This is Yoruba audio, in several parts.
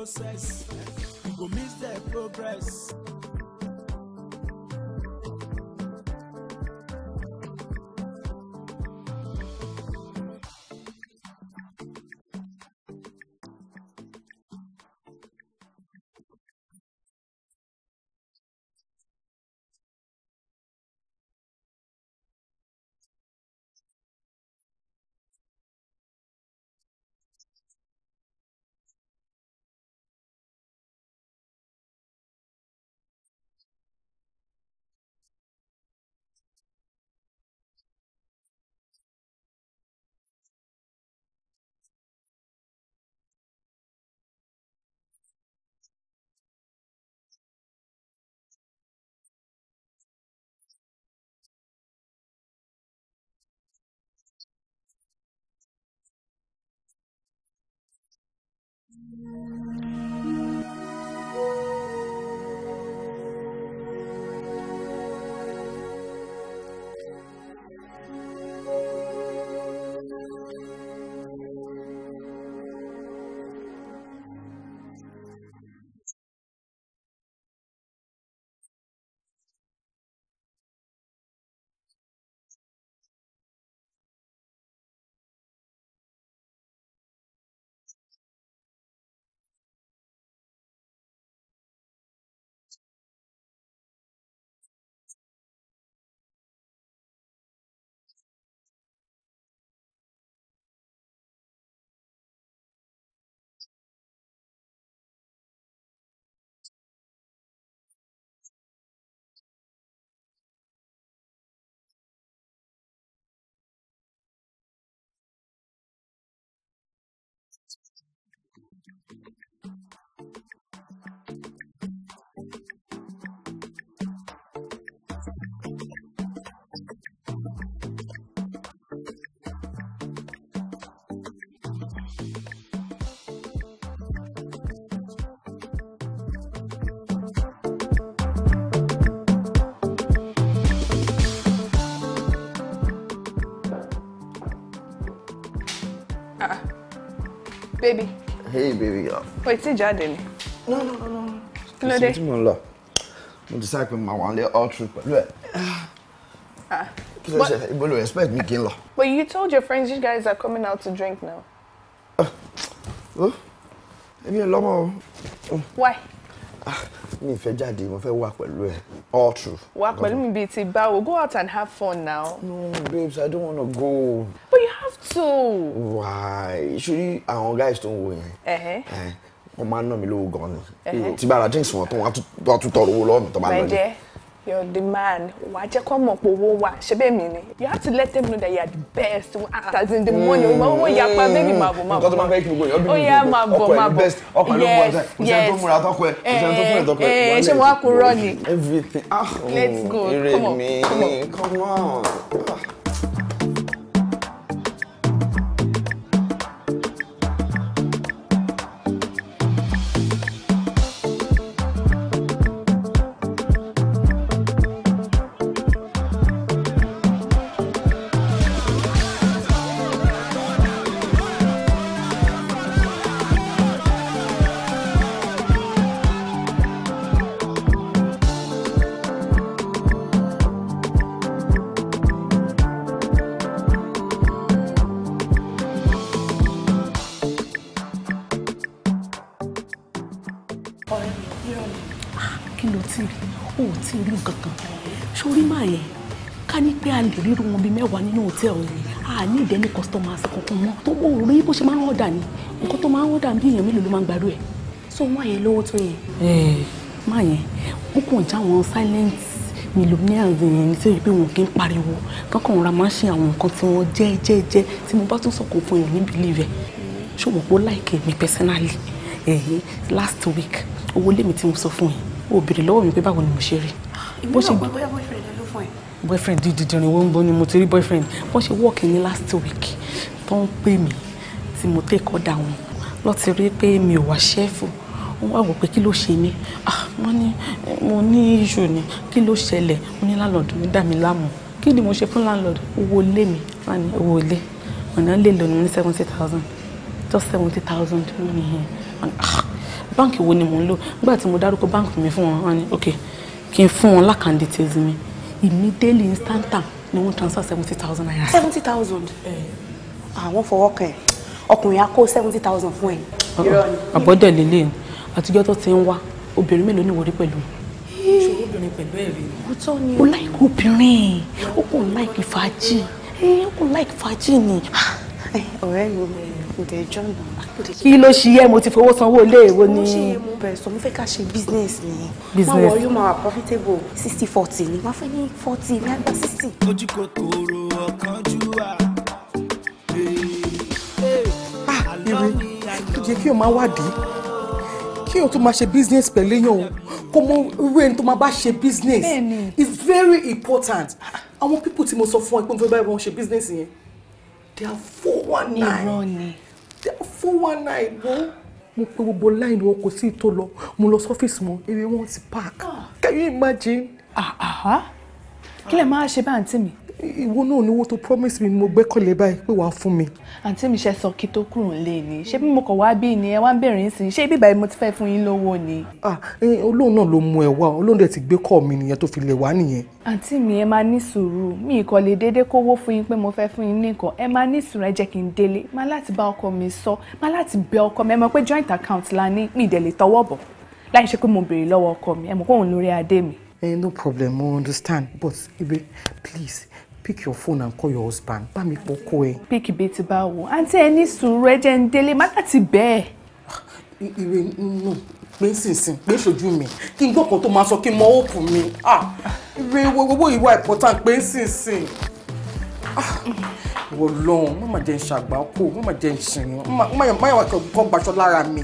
process you go miss the progress Thank you. Uh-uh. baby hey baby girl. o ti jáde ni. no no no no. kí ló dé. kò sí tí mo ń mo ti sáà pé màá wà lé all through pẹ̀lú ẹ̀. Ah, ló ṣe ibo respect mi kí n but you told your friends you guys are coming out to drink now. Ah. Oh. èmi ò lọ́mọ o. Oh. why. Ah, mi fẹ́ jáde mo fẹ́ wà pẹ̀lú ẹ all through. wà pẹ̀lú mi bíi ti báwo go out and have fun now. no babes i don't want to go. but you so. Why? ṣorí àwọn guys tó ń wo yẹn wọ́n máa ń ná mi lówó gan ni tí bá ra drinks wọn tó wọ́n á tún tọrọ owó lọ́wọ́ mi tó bá lọ you You're the man. Wàá jẹ́ kó mọ̀ pé owó wà. Ṣé bẹ́ẹ̀ mi ni? You have to let them know that you are the best. As in the hmm. money, o máa ń wọ ìyapa bẹ́ẹ̀ni máa bọ̀ Nǹkan tó máa fẹ́ kí gbogbo èèyàn bí mi gbogbo ọkọ ẹ̀ best ọkọ ẹ̀ ló mú ọjà. Kò sẹ́ni tó múra tọkọ eh, eh, Everything. Ah, Let's go. Oh, come on. Come on. hotel ni a ní ìdẹ́ni customers kankan mọ́ tó bó orí bó ṣe máa ń ọ̀dà ni nǹkan tó máa ń ọ̀dà bí èèyàn mélòó ló máa ń gbàdúrà ẹ̀. so wọ́n yẹn lówó tó yẹn. Eh. má yẹn ó kàn já àwọn silent millionaires yẹn ní sẹ́yìn pé wọn kì í pariwo kankan ra máa ń ṣe àwọn nǹkan tí wọ́n jẹ́ jẹ́ jẹ́ tí mo bá tún sọ̀kò fún yẹn níbi ilé rẹ̀ ṣùgbọ́n pé ó láìkè mi personally eh, last week owó lèmi tí mo sọ fún yẹn ó lọ́wọ́ mi pé báwo ni mo ṣe rí ìmú náà boyfriend ló fún ẹ. boyfriend dídìdì ni wọ́n ń bọ́ ni mo ti rí boyfriend wọ́n ṣe wọ́ọ̀kì ní last week tó ń pè mí tí mo tẹ́kọ̀ dà wọn lọ́ ti rí pé mi ò wá ṣẹ́fù wọ́n wá wò pé kí ló ṣe mí ah, wọ́n ní mo ní iṣu ni kí ló ṣẹlẹ̀ wọ́n ní láńlọ́ọ̀dù mi dà mí láàmú kí ni mo ṣe fún láńlọ́ọ̀dù owó lé mi wọ́n owó lé ọ̀nà lè lò ní seventy thousand just seventy thousand ló nìyẹn ah, báǹkì wo ni mò ń lò nígbà tí mo dárúkọ báǹkì mi fún wọn wọ́n ní okay kí n fún wọn lákàndé tèzi mi immediately instanta ni wọ́n transfer seventy thousand naira. seventy thousand àwọn fọwọ́ kàn ẹ́ ọkùnrin á kó seventy thousand fún ẹ. àbọ̀dẹ̀ lélẹ̀ àtijọ́ tó ti ń wá obìnrin mélòó ni wọ́n rí pẹ̀lú ṣòro obìnrin pẹ̀lú ẹ̀rí. ó láìkí obìnrin ó kò láìkí fàájì ó kò láìkí fàájì ni. ọ̀rẹ́ mi ò dẹ̀ jọ̀nà kí ló ṣe yẹ mo ti fowó sanwó iléèwé ní. mo ṣe mo bẹ̀rẹ̀ sọ mo fẹ́ ká ṣe business ni business máa wọ yóò máa profitable sixty forty ni máa fẹ́ ní forty ní àgbà sixty. ojú kòkòrò ọ̀kánjúwà. ah ire kò jẹ́ kí o máa wádìí kí o tún máa ṣe business pẹ̀lú èèyàn o kò mọ irú ẹni tó máa bá ṣe business it's very important àwọn people tí mo sọ fún ẹ pé mo fẹ́ bá ẹ ṣe business yẹn they are four one nine four one nine wo. mo pe gbogbo line wọn kò sí ìtò lọ mo lọ sọ́fíìsì wọn eré wọn ti park ah. can you imagine. Ah, ah, kí lè máa ṣe bá àǹtí mi ìwọ náà ni owó tó promise mi ni mo gbẹ́kọ̀lé báyìí pé wàá fún mi. àǹtí mi ṣe sọ kí tó kúrò nílé ni ṣé bí mo kàn wá bí ni ẹ wá ń bèrè ń sìn ṣé ibi ìbàyẹn mo ti fẹ́ fún yín lówó ni. olóhùn ah, náà ló mú ẹ wá olóhùn dẹ̀ ti gbé kọ́ mi nìyẹn tó fi lè wá nìyẹn. àǹtí mi ẹ máa ní sùúrù mi ì kàn lè déédéé kówó fún yín pé mo fẹ́ fún yín nìkan ẹ máa ní sùúrù ẹ jẹ́ kí n délé má láti bá ọkọ mi sọ má láti bẹ ọkọ mi ẹ mọ̀ pé joint account la ní mi ì dẹ̀ lè tọwọ́ bọ̀ láì ṣe pé mo béèrè lọ́wọ́ ọkọ mi ẹ mọ̀ pé òun lórí adé mi. Eh, no problem, I understand. But, Ibe, please, pick your phone and call your husband bá mi pọkọ ẹ. pick ibi tí bá wò àǹtí ẹ ní sùúrù ẹ jẹ́ ń délé má láti bẹ́ẹ̀. ire nù pé sínsìn pé ṣojú mi kí n gbọ́kàn tó máa sọ kí n mọ òkun mi ire owó ìwà important pé sínsìn wò lọ́hùn má máa jẹ́ ń ṣàgbá kó má máa jẹ́ ń ṣìyàn má yà wá kọ́ gbaṣọ lára mi.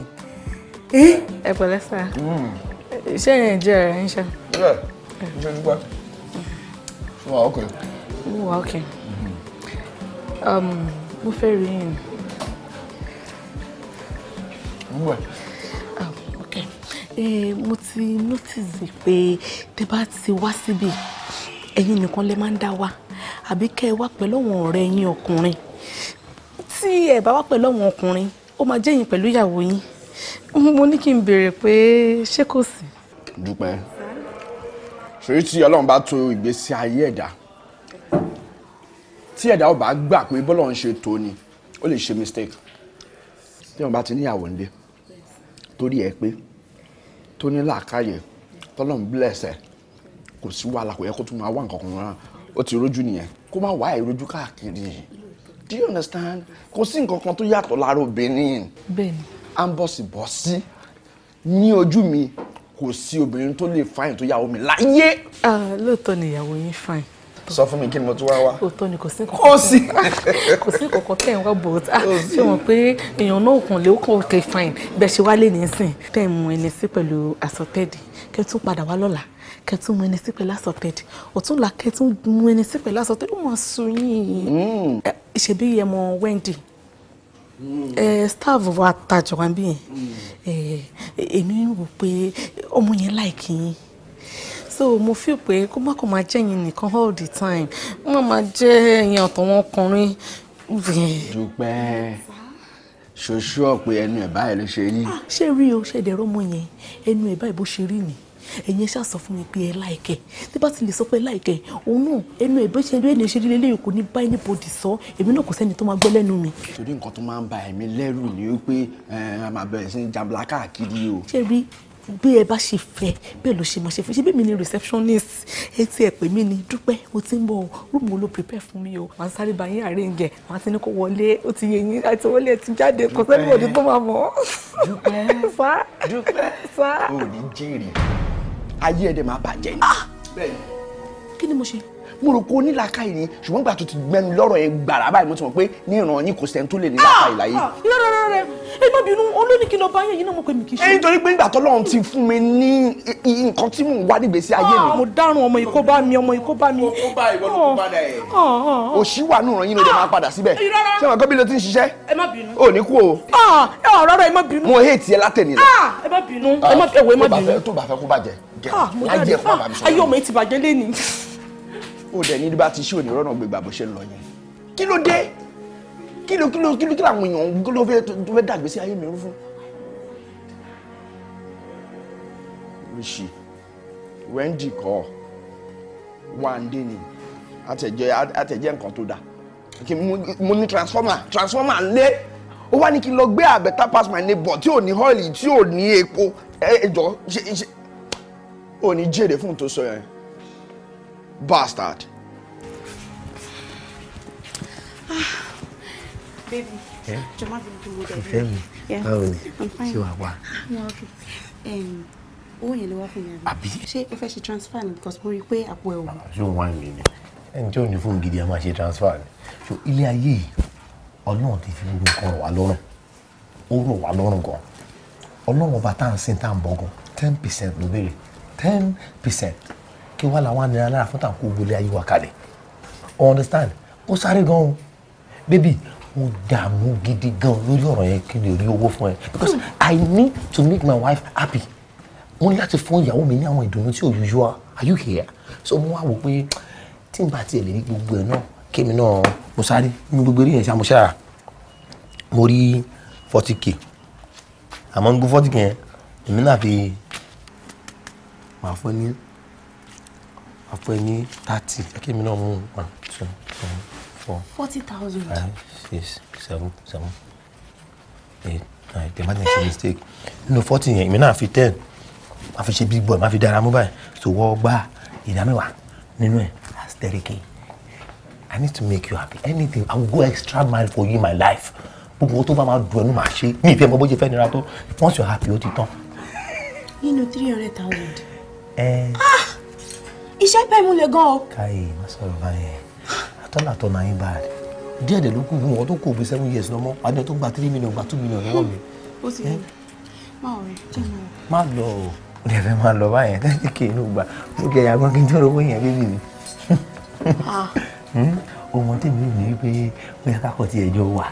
ẹ pẹ̀lẹ́ sá ṣé ẹ̀yìn ìjẹ́ rẹ̀ ń ṣe. ṣé ìjọba ṣe wà ókè wà ókè um, mo fẹ́ rí yín. ń wẹ̀. Ah, mo ti notice pé tẹ́ bá ti wá síbi ẹ̀yin nìkan lè máa ń dá wa àbí kẹ́ ẹ wá pẹ̀lú àwọn ọ̀rẹ́ yín ọkùnrin tí ẹ bá wá pẹ̀lú àwọn ọkùnrin ó máa jẹ́ yín pẹ̀lú ìyàwó yín mo ní kí n béèrè pé ṣé kò sí. dúpẹ́ ṣòyí tí ọlọ́run bá tò ìgbésí ayé ẹ̀dá tí ẹ̀dá ọba gbà pé bọ́lọ̀ ń ṣe tó ni ó lè ṣe mistake tí wọn bá ti níyàwó nílé torí ẹ pé tó ní làákàyè tọ́lọ́n bless ẹ kò sí wàhálà kò yẹ kó tún máa wá nǹkan kan rán ó ti rójú nìyẹn kó má wá ìrójú káàkiri do you understand kò sí nǹkan kan tó yàtọ̀ lára obìnrin bẹ́ẹ̀ni à ń bọ̀sì bọ̀ sí ní ojú mi kò sí obìnrin tó lè fine tó yàwó mi láyé. Ah, lóòótọ́ ni ìyàwó yín fine sọ fún mi kí ni mo tún wá wá. òótọ́ ni kò sí nǹkan kò sí kò sí nǹkan tẹ̀ ń wá bò ó ta ṣé wọn pé èèyàn náà kàn lé ókàn òkè fine bẹ́ẹ̀ ṣe wálé nísìn tẹ̀ ń mu ẹni sí pẹ̀lú àsọtẹ́ẹ̀dì kẹ́ tún padà wá lọ́la kẹ́ tún mu ẹni sí pẹ̀lú àsọtẹ́ẹ̀dì ọ̀túnla kẹ́ tún mu ẹni sí pẹ̀lú àsọtẹ́ẹ̀dì ó máa sun yín ìṣèbí mm. eh, Wendy mm. eh, staff wa tajọ wa bí mm. eh, èmi rò pé ọmọ yẹn láìkì yín so mo feel pé kó má kó máa jẹ́ yín nìkan all the time kó má máa jẹ́ ẹ̀yin àtọ̀wọn ọkùnrin. dúpẹ́ ṣoṣù ọ̀pẹ ẹnu ẹ̀ báyìí ló ṣe rí. Ah, ṣé rí o ṣe ìdẹ̀rọ ọmọ yẹn ẹnu ẹ̀ báyìí bó ṣe rí ni ẹ̀yin ẹ ṣáà sọ fún mi pé ẹ láìkẹ́ tí bá ti lè sọ pé láìkẹ́ òun náà ẹnu ẹ̀ bó ṣe rí ẹni ṣe rí lélẹ́yìn kò ní bá anybody sọ èmi náà kò sẹ́ni tó máa gbọ́ lẹ́nu mi. torí nǹkan tó máa ń ba ẹ̀mí lẹ́rù ni wípé eh, a máa bẹ̀rẹ̀ sí jàmbá káàkiri o. ṣé rí bí ẹ bá ṣe fẹ́ bẹ́ẹ̀ ló ṣe máa ṣe fún ṣe bí mi ni receptionist ẹ ti ẹ pè mí ni dúpẹ́ o ti ń bọ̀ rúùmù wo ló prepare fún mi o màá sáré bá yín arrange màá ti ní kó wọlé ó ti yẹ yín àti wọlé ẹ ti jáde kò sẹ́ni òde tó máa mọ̀. dúpẹ́ dúpẹ́ ò ní jèrè ayé ẹ̀ dẹ̀ máa bàjẹ́ ah! ni. kí ni mo ṣe mo rò kó nílàáká yìí ni ṣùgbọ́n gbà tó ti gbẹnu lọ́rọ̀ yẹn gbàrà báyìí mo ti mọ̀ pé ní ìran yín kò sẹ́ni tó lè nílàáká yìí ah, láyé. rárá ah, rárá ẹ má bínú olóníkì lọ bá yẹn yín náà mo pè mí kì í ṣe. ẹyin torí pé nígbà tọ́lọ́run ti fún mi ní nǹkan tí mò ń wá nígbèésí ayé mi. Ah, mo dárun ọmọ yìí kó bá mi ọmọ yìí kó bá mi. O bá ìwọ ló kó padà ẹ̀. òṣì wà nù ràn yín ló dé máa padà síbẹ̀. ṣé wọn kọ́ bí ló ti ń ṣiṣẹ́. ẹ má bínú. ò ní kú o. ẹ ọ̀ rárá ẹ má bínú. mo hate ẹ látẹ̀nilọ. ẹ má bínú. ẹ má bínú. tó bá fẹ́ ayé ọmọ yìí bàjẹ́ lé ni ó dẹ̀ ní bá ti ṣí òní rọ́nà gbégbà bó ṣe ń lọ yẹn kí ló dé kí ló kí ló kí ló kí làwọn èèyàn kí ló fẹ́ tó fẹ́ dàgbé sí ayé mi rú fún. ríṣì wendy kọ́ wàǹdé ni àtẹ̀jẹ́ àtẹ̀jẹ́ nǹkan tó dáa mo ní transformer transformer lé ó wá ní kí n lọ gbé àbẹ̀tà pass my neighbor tí ò ní ọ́ìlì tí ò ní epo ẹ jọ ṣe ṣe ò ní jèrè fún tó sọ yẹn bastard. Ah, baby, eh? jọ má fi dúró dẹ̀. Fẹ́ mi, báwo ni? Ṣé wàá wá? Owó yẹn ló wá fún yàrá. Àbí? Ṣé o fẹ́ ṣe transfer ni? Because mo rí i pé àpò ẹ̀ wò. Ah, ṣé o wá mi ni? Ẹni tí ò ní fóònù gidi a máa ṣe transfer ni. Ṣé ilé ayé yìí Ọlọ́run ti fi gbogbo nǹkan rọ̀ wá lọ́rùn? Ó rọ̀ wá lọ́rùn gan. Ọlọ́run ọba tá à ń sìn tá à ń bọ̀ Ten percent ló béèrè. Ten percent kí wàá làwọn anira lára fún tàǹkù gbélé ayé wa kalẹ̀ understand ó sáré gan o baby mo dààmú gidi gan lórí ọ̀rọ̀ yẹn kí n lè rí owó fún ẹ because i need to make my wife happy mo ní láti fún ìyàwó mi ní àwọn ìdùnnú tí ò usual are you here so mo wá wò pé tí n bá tiẹ̀ lè rí gbogbo ẹ̀ náà kémi náà mo sáré ní gbogbo eré yẹn ṣá mo ṣáà mo rí forty k àmọ́ n gbọ́ forty k yẹn èmi náà fi màá fún ní àpò ẹni thirty ẹkẹ mi náà mú one two three four. forty thousand. five six seven seven eight nine ten máa ń ṣe mistake nínú forty yẹn èmi náà fi ten máa fi ṣe big boy máa fi dára mú báyìí so wọ́n gba ìdá mẹ́wàá nínú ẹ̀ that's thirty k i need to make you happy anything i will go extra mile for you in my life gbogbo tó bá máa dùn ẹnu máa ṣe mi ìfẹ́ mọ bó ṣe fẹ́ nira tó once you happy ó ti tán. nínú three hundred thousand. ẹ eh, ẹ iṣẹ́ pẹ́ mú le gan o. káyé má sọ̀rọ̀ báyẹn àtọ́nà àtọ́nà yín bá rẹ̀ díẹ̀ dẹ̀ ló kù fún wọn tó kù bí seven years lọ́mọ́ àdéhùn tó gba three million gba two million lọ́wọ́ mi. ó ti yẹ má ò rí jẹ́ mi. má lọ o ó lè fẹ́ máa lọ báyẹn káyé kì í ló gbà ó kẹ́ ẹ̀yà gbọ́n kí n jọ́rọ̀ owó yẹn bébì mi ohun tí mi ní pé ó yẹ kákọ tí ẹjọ́ wà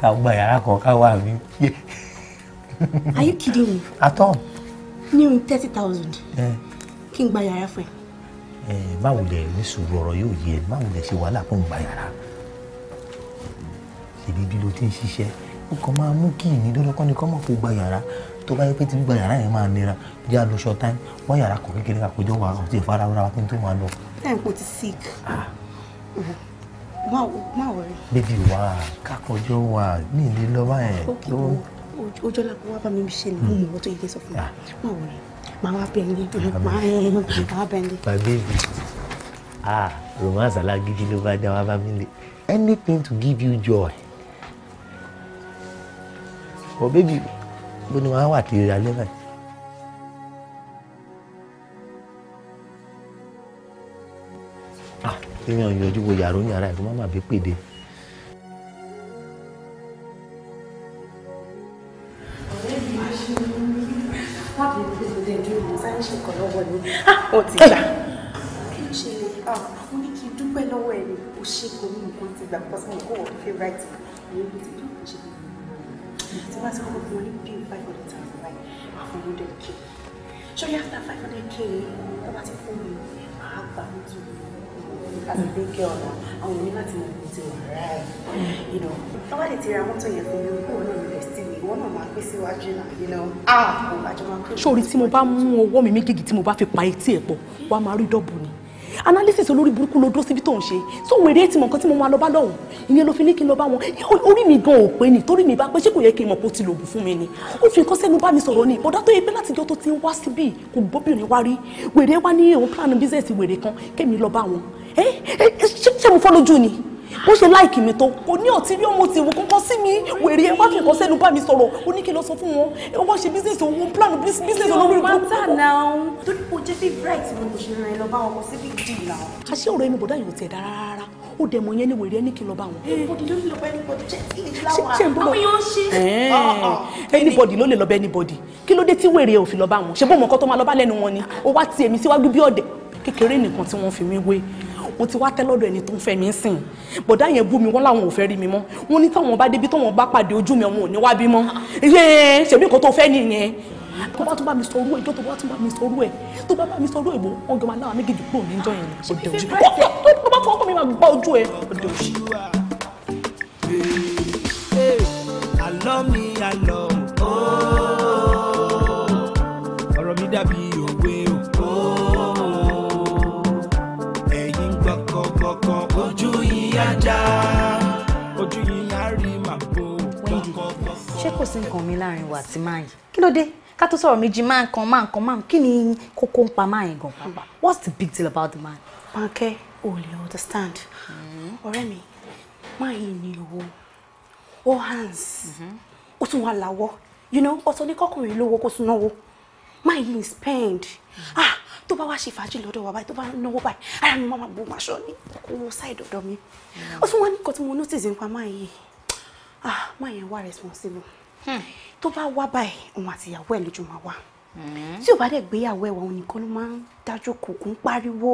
ká gba yàrá kan ká wà mí. are you kidding me. at all. ní thirty thousand kí n gba yàrá fún ẹ. ẹ má wulẹ̀ ní sùúrù ọ̀rọ̀ yóò yẹ má wulẹ̀ ṣe wàhálà fún gba yàrá ṣèbí bí ló ti ń ṣiṣẹ́ ó kàn máa mú kí ìní lọ́lọ́kọ́ ni kọ́ mọ̀ kó gba yàrá tó bá yẹ pé ti gba yàrá yẹn máa nira jẹ́ àlọ́ṣọ táìm wọ́n yàrá kọ̀ kékeré àkójọ wà ọ̀tí ìfara ara wa kí n tó máa lọ. táìm kò ti sick. Ah. má wọrí. bébí wa kákọjọ bá mi ṣe ni mo mọ̀ ọ́ tó yẹ kí n sọ fún mi ah. Mama, bendy. màmá bẹ̀lẹ̀. my baby ah romance alágídí give you dá wa bá mi anything to give you joy oh, baby bó ni wàá wà kiri alẹ́ báyìí. Ah, èmi ò yọjú wo yàrá òní ara ẹ̀ kó má má fi pèdè ń ṣe nǹkan lọ́wọ́ ni wọ́n ah, ti gbà. kí ló ṣe lè ah, ká mo ní kí n dúpẹ́ lọ́wọ́ ẹ̀ ni o ṣe kò ní nǹkan ti gbà because mo kó wọ́n fi right ní ibi tí yóò ṣe kò ní tí wọ́n ti kọ́ mo ní bí five hundred thousand naira fún hundred k ṣọ́yà after five hundred k tó bá ti fún mi màá gbà mí tó as a big girl now àwọn òní láti mọ̀ ní ti wà ráì. tó bá lè ti ra mọ́tò yẹn fún mi kó o náà lè ìwọ náà máa pín síwájú náà yìí náà ah! ah mo bàjẹ́ máa pín. sórí tí mo bá mú ọwọ́ mi méjèèjì tí mo bá fi pa etí ẹ̀ pọ̀ wá máa rí dọ́bù ni analysis olórí burúkú ló dúró síbi tó ń ṣe tó ń wèrè ètìmọ̀ nǹkan tí mo máa lọ bá lọ́hùn ìyẹn ló fi ní kí n lọ bá wọn orí mi gan ò pé ni torí mi bá pé ṣé kò yẹ kí n mọ̀ pé ó ti lòògùn fún mi ni ó fi nǹkan sẹ́nu bá mi sọ̀rọ̀ ni ìbọ̀dá tó yẹ pé láti jọ tó ti ń wá síbí kò gbóbìnrin wá rí wèrè wá ní òun plan business wèrè kan kémi lọ bá wọn ẹ ẹ ṣé mo fọ́ lójú ni bó ṣe láìkì mi tó kò ní ọtí rí ọmọ tìwò kankan sí mi wèrè ẹ wá fi nǹkan sẹ́nu bá mi sọ̀rọ̀ ó ní kí n lọ sọ fún wọn ẹ wá ṣe business òun plan business olórí ìlú. wọ́n tà náà torí kò jẹ́ favourite mi kò ṣe rẹ̀ lọ bá wọn kò sí big deal náà. àṣé ọ̀rọ̀ ẹni bọ̀dá yóò tẹ̀ dára rárá ó dẹ̀ mọ̀ yẹn ni wèrè ẹni kí n lọ bá wọn. anybody ló lè lọ bẹ anybody kí ló dé tí wèrè ò fi lọ bá wọn ṣe bó mọ̀ nǹkan tó máa lọ bá lẹ́nu wọn ni ó wá ti èmi síwájú bí ọ̀dẹ̀ kékeré nìkan tí wọ́n fi mí wé mo ti wá tẹ́ lọ́dọ̀ ẹni tó ń fẹ́ mi ń sìn bọ̀dá yẹn bú mi wọ́n láwọn ò fẹ́ rí mi mọ́ wọ́n ní táwọn bá débi táwọn bá pàdé ojú mi àwọn ò ní wá bí mọ́ yéé ṣèbí nǹkan tó fẹ́ nìyẹn tó bá tún bá mi sọ orú ẹ tó bá tún bá mi sọ orú ẹ tó bá bá mi sọ orú ẹ bò wọn gbọmọ aláwa méjèèjì kúrò ní ìjọ yẹn ni ọdẹ òsì tó bá fọwọ́ mi máa gbá ojú ẹ ọdẹ òsì. àlọ́ mi àlọ́ ooo. Oh. sí nǹkan mi láàrin wa àti máa yìí kí ló dé ká tó sọ̀rọ̀ méjì máa ń kan máa ń kan máa ń kí ni kókó ń pa máa yẹn gan pàápàá what's the big deal about the man. Bánkẹ́ o lè understand mm-hmm. ọ̀rẹ́ mi máa yìí ní owó all hands mm-hmm. ó tún wà láwọ́ you know ọ̀tọ̀ ní kọkùnrin lówó kó tún náwó máa yìí spend mm. ah tó bá wá ṣe fàájì lọ́dọ̀ wa báyìí tó bá náwó báyìí ara mi máa bò máa ṣọ ní kò wọ́n ṣáìdì ọ̀dọ̀ mi mm. ó tún wá ní nǹkan tí mo notice nípa máa yìí ah máa yẹn wà responsible. Hmm. tó bá wá báyìí òun àtìyàwó ẹ̀ lójú máa wá hmm. tí ò bá dẹ̀ gbéyàwó ẹ̀wà òun nìkan ló máa ń dájú kò kún pariwo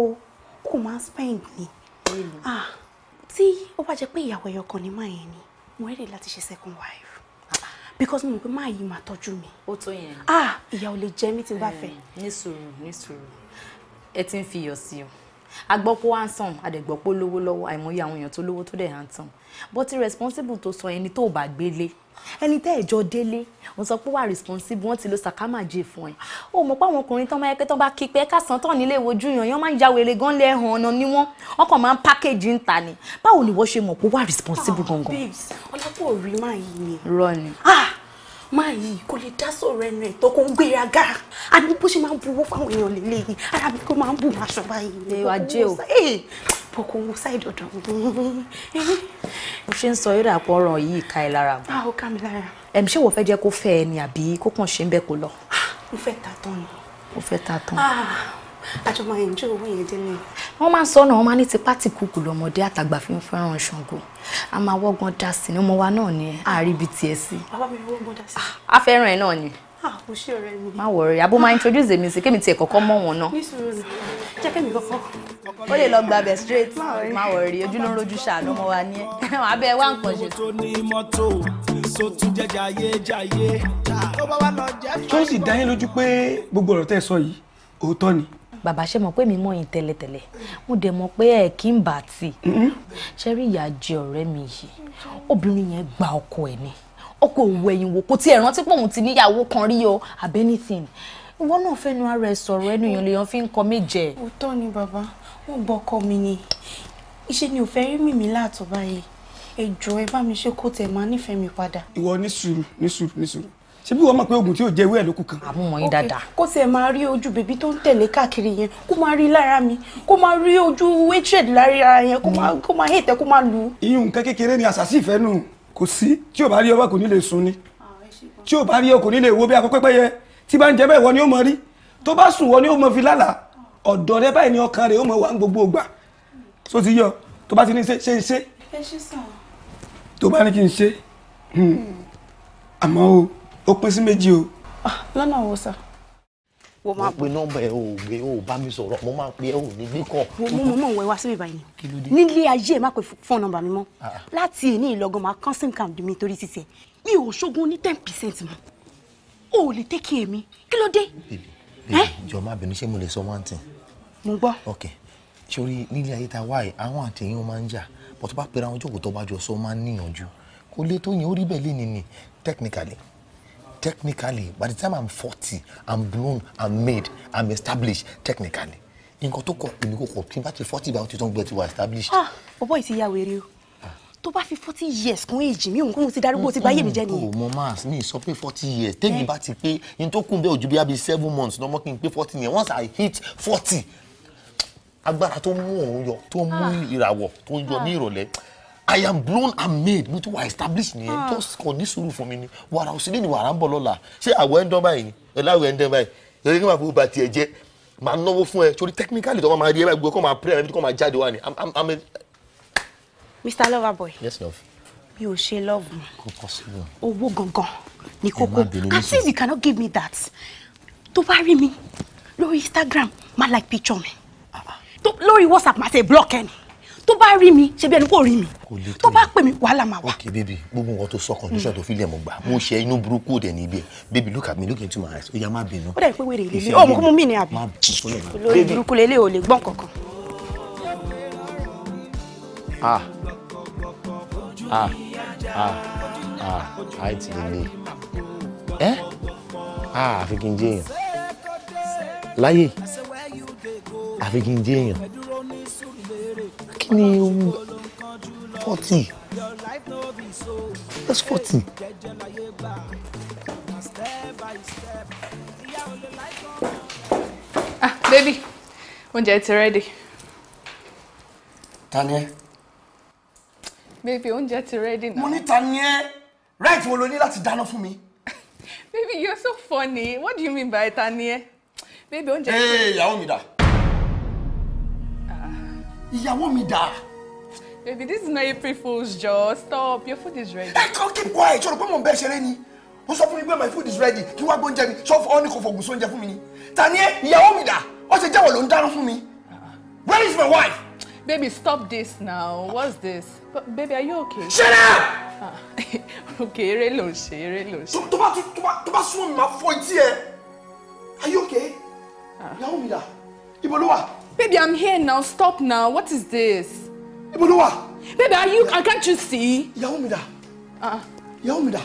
kò máa ń spend ni ah, tí ó bá jẹ́ pé ìyàwó ẹyọ kan ní máa yẹn ni mo rẹ́dì láti ṣe second wife ah. because mo mọ̀ pé máa yí máa tọ́jú mi. ah ìyà ò lè jẹ mí tí n bá fẹ́. Hmm. ní sùúrù ní sùúrù ẹ ti ń fi iyọ̀ sí o agbọ́pọ̀ hansan àdẹ̀gbọ́pọ̀ lówó lọ́wọ́ àìmọye àwọn èèyàn tó lówó tó dẹ̀ hansan bó ti ẹni tẹ́ ẹ̀jọ́ délé wọ́n sọ pé wà responsible wọ́n ti lo sàkámàjẹ fún ẹ o mọ̀ pé àwọn ọkùnrin tán máa yẹ pé tán bá kí pé kásán tán nílé ìwojú yàn yàn máa ń ya wèrè gan lẹ́hàn ọ̀nà ni wọ́n wọ́n kàn máa ń pákéjì ń ta ni báwo ni wọ́n ṣe mọ̀ pé wà responsible gangan. babes rí máa yí ni. rọ ni. ah máa yìí kò lè dá sọ̀rọ̀ ẹnu ẹ̀ tó kó ń gbéraga àbí bó ṣe máa ń buwọ́ fáwọn èèyàn lélẹ̀ yìí ara bí kò máa ń bù máa ṣọ báyìí. ẹ wá jẹ o bọkọ ń eh, wo ṣáìdì ọ̀dọ̀ mi. mo ṣe ń sọ eré àpọ̀ràn yìí ká ẹ lára mu. Ah, a ó ká mi lára. ẹ̀m ṣé wọ́n fẹ́ jẹ́ kó fẹ́ ẹ ni àbí kó ṣe ń bẹ́ kó lọ. Ah, mo fẹ́ ta tán ni. mo fẹ́ ta tán. Ah, àjọ máa yẹn jó owó yẹn délé. wọ́n máa ń sọ náà wọ́n máa ní ti pátì kúkú lọ́mọdé àtàgbà fi ń fẹ́ràn ṣàngó a máa wọ́gbọ́n dá sí ni ọmọ wa náà ni àárí ibi tiẹ̀ sí. bàbá mi wọ́gbọ́n dá sí. Ah, a fẹ́ràn ẹ náà ni. kò ah, sí ọ̀rẹ́ mi. má wọrẹ abo máa introduce èmi sí kémi tiẹ̀ kọ́kọ́ mọ̀ wọn náà. jẹ́ kémi kọ́kọ́. ó lè lọ gbàbẹ̀ straight má wọrẹ ojú ló ń rojú ṣàánú ọmọ wa ní ẹ wàá bẹ wá nǹkan ṣe. tó ní mọ́tò tó sì dá yín lójú pé gbogbo ọ̀rọ̀ tẹ́ sọ yìí òótọ́ ni bàbá ṣe mọ̀ pé mi mọ̀ yín tẹ́lẹ̀tẹ́lẹ̀ mo dẹ̀ mọ̀ pé ẹ̀ kí n bà tì ṣe rí ìyá jẹ ọ̀rẹ́ mi yìí obìnrin yẹn gba ọkọ ẹ̀ ni ọkọ òwò ẹ̀yìn wò kò tiẹ̀ rántí pé òun ti níyàwó kan rí o àbẹ́ anything ìwọ náà fẹ́nu ara ẹ̀ sọ̀rọ̀ ẹnu èèyàn lèèyàn fi ń kọ méje. òótọ́ ni bàbá wọn gbọ́ ọkọ mi ni iṣẹ́ ni ò fẹ́ rí mìmí láàtọ̀ báyìí ẹjọ́ ẹ bá mi ṣe kó tẹ̀ máa nífẹ̀ẹ́ mi padà. ìwọ ní sùúrù ní sùúrù ní sùúrù ṣé bí wọ́n mọ̀ pé oògùn tí ò jẹ́ ewé ẹ̀ ló kù kan. àmúmọ̀ yín dáadáa. kó tiẹ̀ máa rí ojú bèbí tó ń tẹ̀lé káàkiri yẹn kó máa rí lára mi kó máa rí ojú hatred lára yẹn kó máa hate kó máa lù. iyún nǹkan kékeré ni àṣàṣì ìfẹ́ nù kò sí tí ò bá rí ọba kò ní lè sun ni tí ò bá rí ọ kò ní lè wo bí akọ pẹ́pẹ́yẹ tí bá ń jẹ bẹ́ẹ̀ wọ́n ni ó mọ rí tó bá sùn wọ́n ni ó mọ fi lálàá ọ̀dọ̀ rẹ báyìí hmm. àmọ́ o ó pín sí méjì o. Ah, lọ́nà wo sà. wo máa pe nọ́mbà ẹ ò gbé ò bá mi sọ̀rọ̀ mo máa pe ẹ ò ní gbé kọ. mo mọ mọ ìwé wa síbi báyìí nílé ayé ẹ má pe fóònù nọ́mbà mi mọ́ ah. láti èní ìlọgàn máa kán sim card mi torí títẹ mi ò ṣógun ní ten percent mọ́ o ò lè tẹ́kì èmi kí ló dé. jọ má bínú ṣé mo lè sọ one thing. mo gbọ́. ok sori nílé ayé ta wáyé àwọn àtẹ̀yìn máa ń jà bọ́tọ́ bá pera wọn jókòó tó bá jọ sọ máa ń níyànjú kò lè tó yẹn ó rí bẹ́ẹ̀ lé nìyí technically technically by the time i'm forty i'm blown i'm made i'm established technically nǹkan tó kọ èmi kò kọ kí n bá ti forty bá ti tán gbẹ ti wà established. ah bọ́bọ́ ìtì ya wèrè o tó bá fi forty years kún èjì mi òun kún ti darúgbó ti báyé mi jẹ nìyẹn. o mọ mass mi sọ pé forty years tèmi eh. bá ti pé n tó kún bẹ́ẹ̀ ojú bí abi seven months lọ́mọ kí n pé forty yẹn once i hit forty agbára tó mú òun yọ tó mú ah. ìràwọ̀ tó ń yọ ní ah. ìrọ̀lẹ́ I am blown and made ní tí wàá establish nìyẹn just ah. kò ní sùúrù fún mi ni wàrà òsèlè ni wàrà ń bọ̀ lọ́la ṣé àwọ̀ ẹ̀ ń dán báyìí ni ẹ̀láwọ̀ ẹ̀ ń dán báyìí ẹ̀rẹ́ kí n máa fowó ba tiẹ̀ jẹ́ máa náwó fún ẹ torí technically tó máa rí ẹ báyìí gbogbo kó máa pray ẹbí kó máa jáde wá ni i'm i'm a. Mr. Loverboy. yes love. mi ò ṣe love mu. kò possible. owó gangan ni kókó and since you cannot give me that tó bá rí mi lórí Instagram máa like picture mi ah, ah. lórí WhatsApp máa ṣe block ẹni tó bá rí mi ṣe bí ẹni kò rí mi tó bá pè mí wàhálà máa wà. ok baby gbogbo nǹkan tó sọ condition tó fi lẹ̀ mọ̀ gbà mo ṣe inú burúkú òde ní ibi ẹ̀ baby look at me look into my eyes ó yá má bínú. ó dẹ̀ pé wèrè ilé ilé ọmọ kó mú mi ní àbí olórí burúkú lélẹ̀ ò lè gbọ́n kankan. ah ah ah ah àìtì lè ẹ́ ah àfi kí n jẹ́ èèyàn láyé àfi kí n jẹ́ èèyàn kí ni forty That's forty. ah baby oúnjẹ ti rẹ́dì. Tanya. baby oúnjẹ ti rẹ́dì náà. mo ní ta right wo lo ní láti dáná fún mi. baby you're so funny what do you mean by Tanya? baby oúnjẹ ti rẹ́dì. ee ìyàwó mi dà ìyàwó mi dà. baby this is not April Fool's joke stop your food is ready. ẹ kọ́ keep quiet ṣòro pé mò ń bẹ́ẹ̀ ṣeré ni ó sọ fún mi pé my food is ready kí wá gbóúnjẹ mi ṣọ́ọ̀fù ọ́ ní kò fògùn sóúnjẹ fún mi ni ta ni ẹ ìyàwó mi dà ó ṣe jẹ́wọ̀ ló ń dáná fún mi where is my wife. baby stop this now what's this but baby are you okay. shut up. Ah, ok eré ló ń ṣe eré ló ń ṣe. tó bá tó bá súnmọ́ mi máa fọ etí ẹ are you okay. Ah. ìyàwó mi dà ibo ló wà. Baby, I'm here now. Stop now. What is this? Ibo Baby, are you? I can't you see? Ìyàwó mi Ah. Ìyàwó mi dà.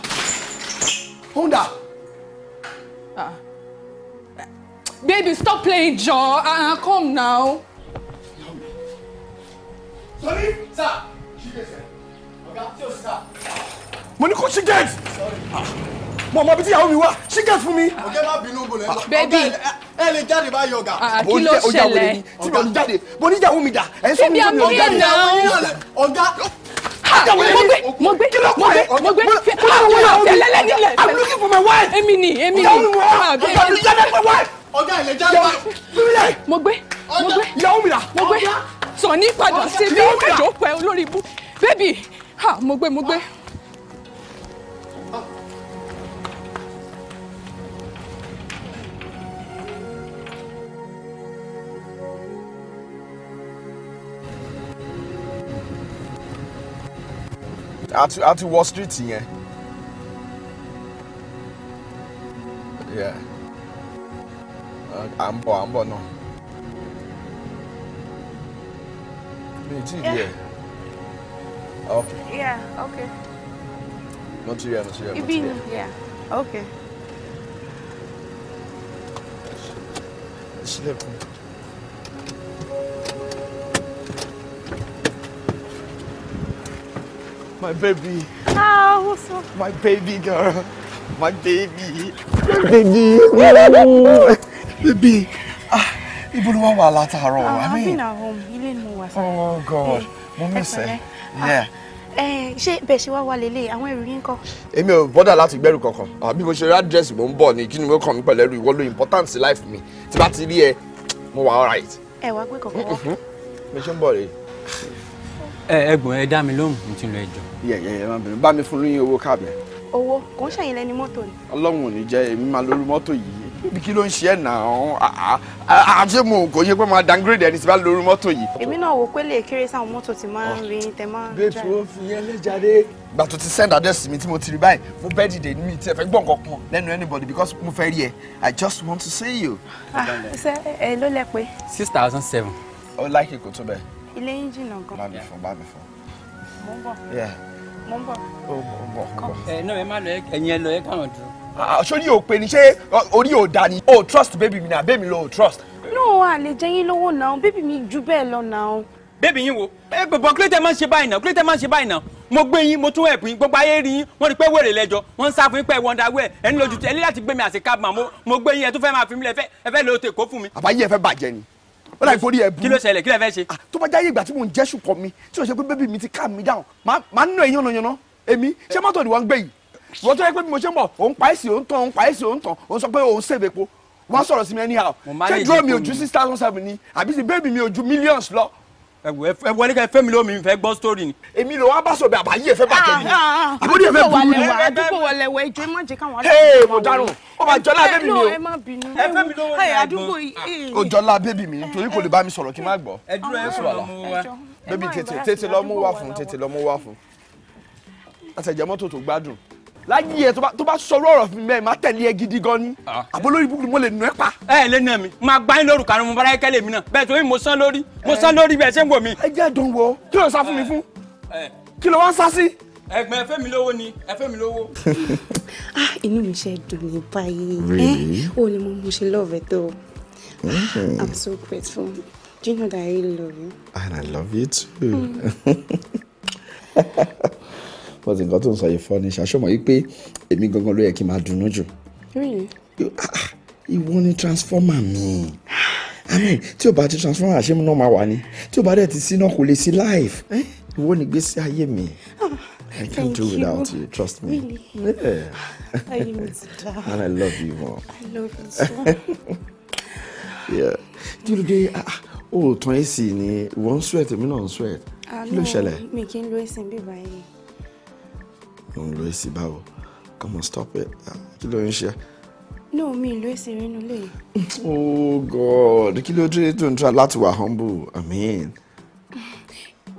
Honda. Ah. Baby, stop playing jaw. Ah, uh, come now. Sorry, sir. She gets it. Okay, sir. Mo ní kó she gets. Sorry. Ah mo mọ bí tíyàwó mi She ṣíkẹ́ fún mi. ọ̀gá má bínú bolẹ̀ lọ. bẹ́ẹ̀bi ẹ lè jáde báyìí ọ̀gá. Ah, ah, kí ló ṣẹlẹ̀ tí mo jáde mo ní ìyàwó mi dà ẹ̀ sọ mi fún mi ọ̀gá. ọ̀gá mo gbé mo gbé mo gbé tẹlẹlẹ nílẹ̀. I'm looking for my wife. èmi ni èmi ni. ọ̀gá mi jáde pé wife. ọ̀gá ẹ lè jáde báyìí. mo gbé mo gbé ìyàwó mi dà. mo gbé sọ ní padà sí bí ìjọ pẹ olórí ibú bébì mo gbé mo gbé. a ti Wall street yẹn. à ń bọ̀ à ń bọ̀ náà. mi ì tí ì okay. yeah okay. mo ti rí ẹ mo ti rí ibi ni yeah okay. sílẹ̀kùn. My baby. Ah, what's up? My baby girl. My baby. baby. baby. Ah, ibo ló wá wà látàárọ̀. Ah, I mean. I've been at home. Ilé ni mo wà. Oh God. Mo miss ẹ. Yeah. Ah, eh, ṣé bẹ́ẹ̀ ṣe wá wà lélẹ̀ àwọn ẹrù yín kọ́. èmi ò bọ́dà láti gbẹ́rù kankan àbí mo ṣe rí àdírẹ́sì mò ń bọ̀ ní kí ni mo kàn mí pẹ̀lú ẹrù ìwọ ló important life mi tí bá ti rí ẹ mo wà alright. ẹ wá gbé kankan wọ. mi mm-hmm. ṣe ń bọ̀ rèé ẹ̀gbọ́n ẹ dá mi lóhùn mo ti lọ ẹjọ́. yẹ yẹ yẹ máa bẹ̀rẹ̀ bá mi fún lóyún owó káàbẹ. owó kò ń ṣàyìn lẹni mọ́tò ni. ọlọ́run ò ní jẹ́ èmi máa lórí mọ́tò yìí bí kí ló ń ṣe ẹ̀ náà àṣé mo kò yẹ pé máa downgrade ẹni tí bá lórí mọ́tò yìí. èmi náà wò pé lè kéré sáwọn mọ́tò tí máa ń rin tẹ máa ń jáde. bẹ́ẹ̀ tó fi yẹn lẹ́jáde. ìgbà tó ti send address mi tí mo ti rí báyìí mo bẹ́ẹ̀ dìde mi ti ẹ̀ fẹ́ gbọ́ kan lẹ́nu anybody because mo fẹ́ rí ẹ i just want to see you. ah ṣe èló lẹ pé. six thousand seven. ó láìkè kò tó bẹ́ẹ̀ ilé yín jìnnà gan. bá mi fún bá mi fún. mo ń bọ̀. mo ń bọ̀. ó mo ń bọ̀ ẹ náà ẹ má lọ ẹyin ẹ lọ ẹ kàn dùn. sórí ò pe ni ṣé orí ò da ni o trust baby mi na baby mi lo trust. no a lè jẹ yín lówó náà baby mi jù bẹ́ẹ̀ lọ náà. baby yín wo ẹ gbọ̀gbọ̀ kílẹ̀ máa ń ṣe báyìí náà kílẹ̀ máa ń ṣe báyìí náà mo gbé yín mo tún ẹ̀bùn yín gbogbo ayé rí yín wọ́n rí pé wèrè lẹ́jọ́ wọ́n ń sá fún yín pé wọ́n dáwọ́ ẹ̀ ẹni lójú ẹ ní láti gbé mi àṣekábùmá mo gbé yín ẹ tún fẹ́ máa fi mí lẹ́fẹ́ fẹ́ lọ́ọ́ tèkó fún mi. àbáyé ẹ fẹ́ bàjẹ́ ni ó dà ìforí ẹ bu. kí ló ṣẹlẹ̀ kí ló fẹ́ ṣe. Ah, tó bá jáyé ìgbà tí mò ń jẹ́ ṣùkọ́ mi tí o ṣe pé bébí mi ti ká mi dáhùn máa ń nà èyí yànnàyànnà èmi ṣé mọ́tò ni wọ́n ń gbé yìí wọ́n tó yẹ pé bí mo ṣe ń bọ̀ òun pa èsì òun tán òun pa èsì òun tán òun sọ pé òun save epo wọ́n sọ̀rọ̀ sí mi anyhow ṣé dúró mi ò ju six thousand seven ni àbí ti bébì mi ò ju millions lọ ẹwọ ẹwọ ẹnikẹ fẹmi lómi fẹ́ gbọ́ sítórì ni. èmi ló wá bá sọ bẹ àbáyé ẹfẹ bàjẹ́ mi àbúrò ẹfẹ bùrù mi. àdúgbò wà lẹwọ ẹjọ ẹ má jẹ káwọn. ee mo dárò ó máa jọlá bébì mi o. ẹ má bínú ẹ fẹ́ mi lówó ní ẹ̀gbọ́n. ó jọlá bébì mi nítorí kò lè bá mi sọ̀rọ̀ kí n má gbọ́. ẹ dúró ẹ sọ̀rọ̀ lọ́mú wa. bébì tètè tètè lọ́mú wá fún tètè lọ́mú wá fún. àtẹ̀jẹ́ mọ́tò tó gbádùn láyé ẹ tó bá sọ̀rọ̀ ọ̀rọ̀ fún mi bẹ́ẹ̀ má tẹ̀lé ẹ gidi gan ni ah. àbólórí ibùdó mo lè nù ẹ pa. ẹ ẹ lẹ́nu mi máa gbá yín lóru kanu mo bára kẹ́lẹ́ mi náà bẹ́ẹ̀ tó yín mo sán lórí mo sán lórí bẹ́ẹ̀ ṣé ń wò mí. ẹ jẹ́ dùn wo kí ló ń sá fún mi fún kí ló wá ń sá sí. ẹ̀gbọ́n ẹ fẹ́ mi lówó ni ẹ fẹ́ mi lówó. Ah, inú mi ṣe dùn ní báyìí eh, ó ní mo mú ṣe lọ́ọ̀fẹ́ tó mm. ah, I'm so grateful do you know that I really love you. and I love you too. Mm. but nǹkan tó ń sọ yìí fọ́ ni ṣàṣọmọ yìí pé èmi gangan ló yẹ kí n máa dunnú jù. ìwọ ni transformer mi amen tí o bá ti transformer àṣẹ mi náà máa wà ni tí o bá dẹ̀ ti sí náà kò lè sí life eh? ìwọ ni gbèsè ayé mi. Ah, I can't do without you. Trust me. Yeah. I need that. And I love you more. I love you so. yeah. Dídúdé, ah, ah, o ò tán AC ni, ìwọ sweat, èmi náà sweat. Kí ló ṣẹlẹ̀? Mi kì í lo AC bíbá yìí ló ń lo èsì báwo come on stop it ah, kí ló ń ṣe. no mi ìlú èsì rẹ nílé. oh god kí ló dé tó ń tra láti wà humble i mean.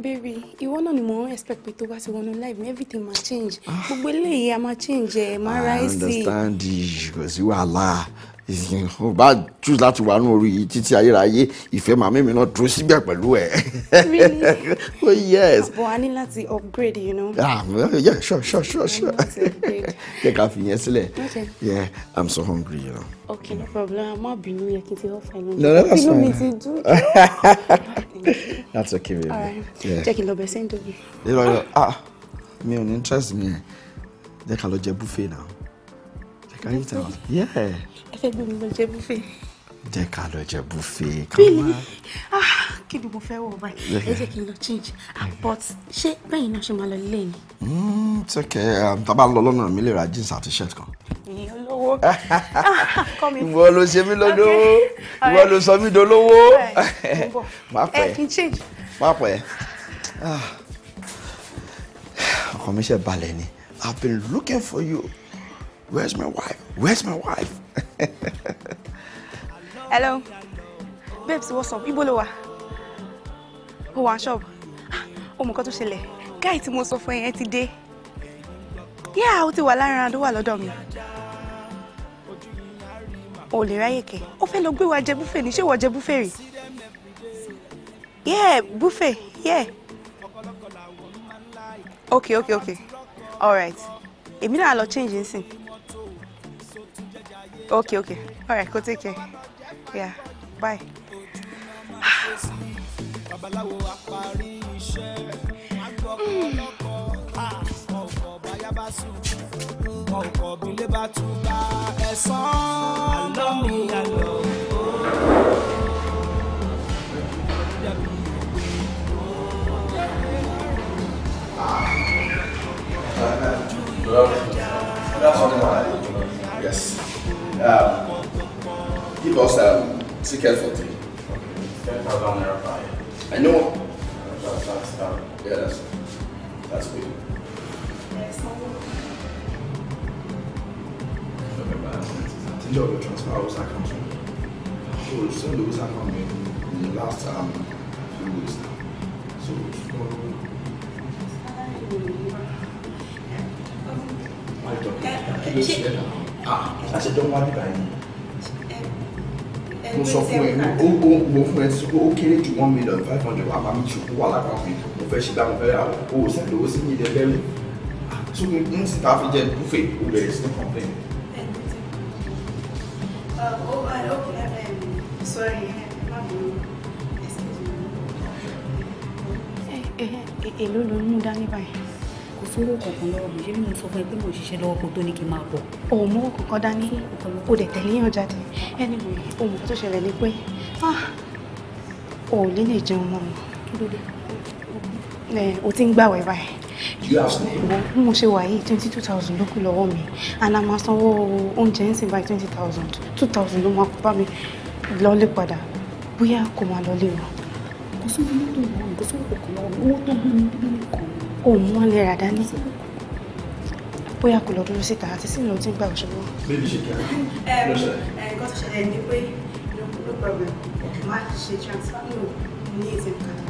baby ìwọ náà ni mo ń expect pé tó bá ti wọnú life mi everything ma change ah. gbogbo eléyìí a ma change ẹ ma rise. i understand you kò sí wàhálà ò bá choose láti wà nù orí yìí títí ayérayé ìfẹ́ màmí mi náà dúró síbẹ̀ pẹ̀lú ẹ̀. really oh yes. àbọ̀ a ní láti upgrade you know. ah yeah sure sure sure sure. jẹ́ ká fi yẹn sílẹ̀. yeah i'm so hungry you know. okay no problem má bínú yẹ kí n ti hàn fún ẹnu. no no that's fine. that's okay baby. jẹ́ kí n lọ bẹ̀ sẹ́ńdọ̀ mi. irọ́ irọ́ ah mi ò ní interest mi yẹn jẹ́ ká lọ jẹ buffet náà. jẹ́ ká yí tẹ̀wọ̀ yeah fẹ́ gbé mi lọ jẹ búfẹ́. jẹ́ ká lọ jẹ búfẹ́. bílí ah, kí ni mo fẹ́ wọ̀ báyìí ẹ jẹ́ kí n lọ change ah, but ṣé bẹ́ẹ̀ náà ṣe máa lọ ilé ni. Hmm, tẹ́kẹ̀ um, tábà lọ lọ́nà mi lè ra jeans àti shirt kan. ìyẹn olówó ah, ìwọ ló ṣe mí lọ́dọ́wọ́ ìwọ ló sọ mí dolówó. Eh, má pẹ́ má pẹ́ ọkàn mi ṣe balẹ̀ ni I've been looking for you where's my wife where's my wife. hello babes what's up ibo ló wà ó wà Oh, my God, nǹkan tó ṣẹlẹ̀ guy tí mo sọ fún ẹ ti dé yíyá ó ti wà lára àdó wà lọ́dọ̀ mi Oh, lè ráyè kẹ ó fẹ́ lọ gbé wa jẹ buffet. ní ṣé wọ́n jẹ búfè rí yẹ búfè yẹ ok ok all right èmi náà to change nsìn. Okay, okay. All right, go take care. Yeah, bye. Hmm. Yes. Um, give us um, ticket for three. Okay, 10,000 naira per I know. That's, that's, that's, yeah, that's, that's good. Your transfer was account. So send those account in the last um, few weeks now. So tomorrow. I don't. Ah, láti ẹjọ́ wá nígbà yìí mo sọ fún ẹ ó ó mo fún ẹ sí ó kéré ju one million five hundred wà pàmì ṣùkú wà lápapọ̀ yìí mo fẹ́ ṣe dáhùn fẹ́rẹ́ àwọn owó sẹ́lẹ̀ owó sí mi ilẹ̀ bẹ́ẹ̀rẹ̀ tó ní ní sì táà fi jẹ búfẹ̀ ó bẹ̀rẹ̀ sí ní complain. èló ló ń dá ní báyìí fún owó kankan lọ́wọ́ mi ṣé mi sọ fún ẹ pé mo ń ṣiṣẹ́ lọ́wọ́ kó tó ní kí n máa bọ̀. òun mú kankan dání o dẹ̀ tẹ̀lé yàn jáde ẹni wò yìí ohun tó ṣẹlẹ̀ ni pé ah, o lè lè jẹun mọ́ mi o ti ń gbàwẹ̀ báyìí mo ṣe wà yìí twenty two thousand ló kù lọ́wọ́ mi and a máa sanwó oúnjẹ ń sìn báyìí twenty thousand two thousand ló máa kó bá mi lọ́lé padà bóyá kò máa lọ́lé o. kò sóhun tó ń bọ̀ kò sóhun kò kàn lọ́wọ́ owó tó gbé mi bí mi kàn o mú wọn lè rà dání bóyá kò lọ dúró síta àti sílùú tí ń gbà òṣèlú. bébí ṣe kí á lọ ṣe. ẹ ẹ nǹkan tó ṣẹlẹ̀ ni pé no problem má ṣe transfer no ní atm card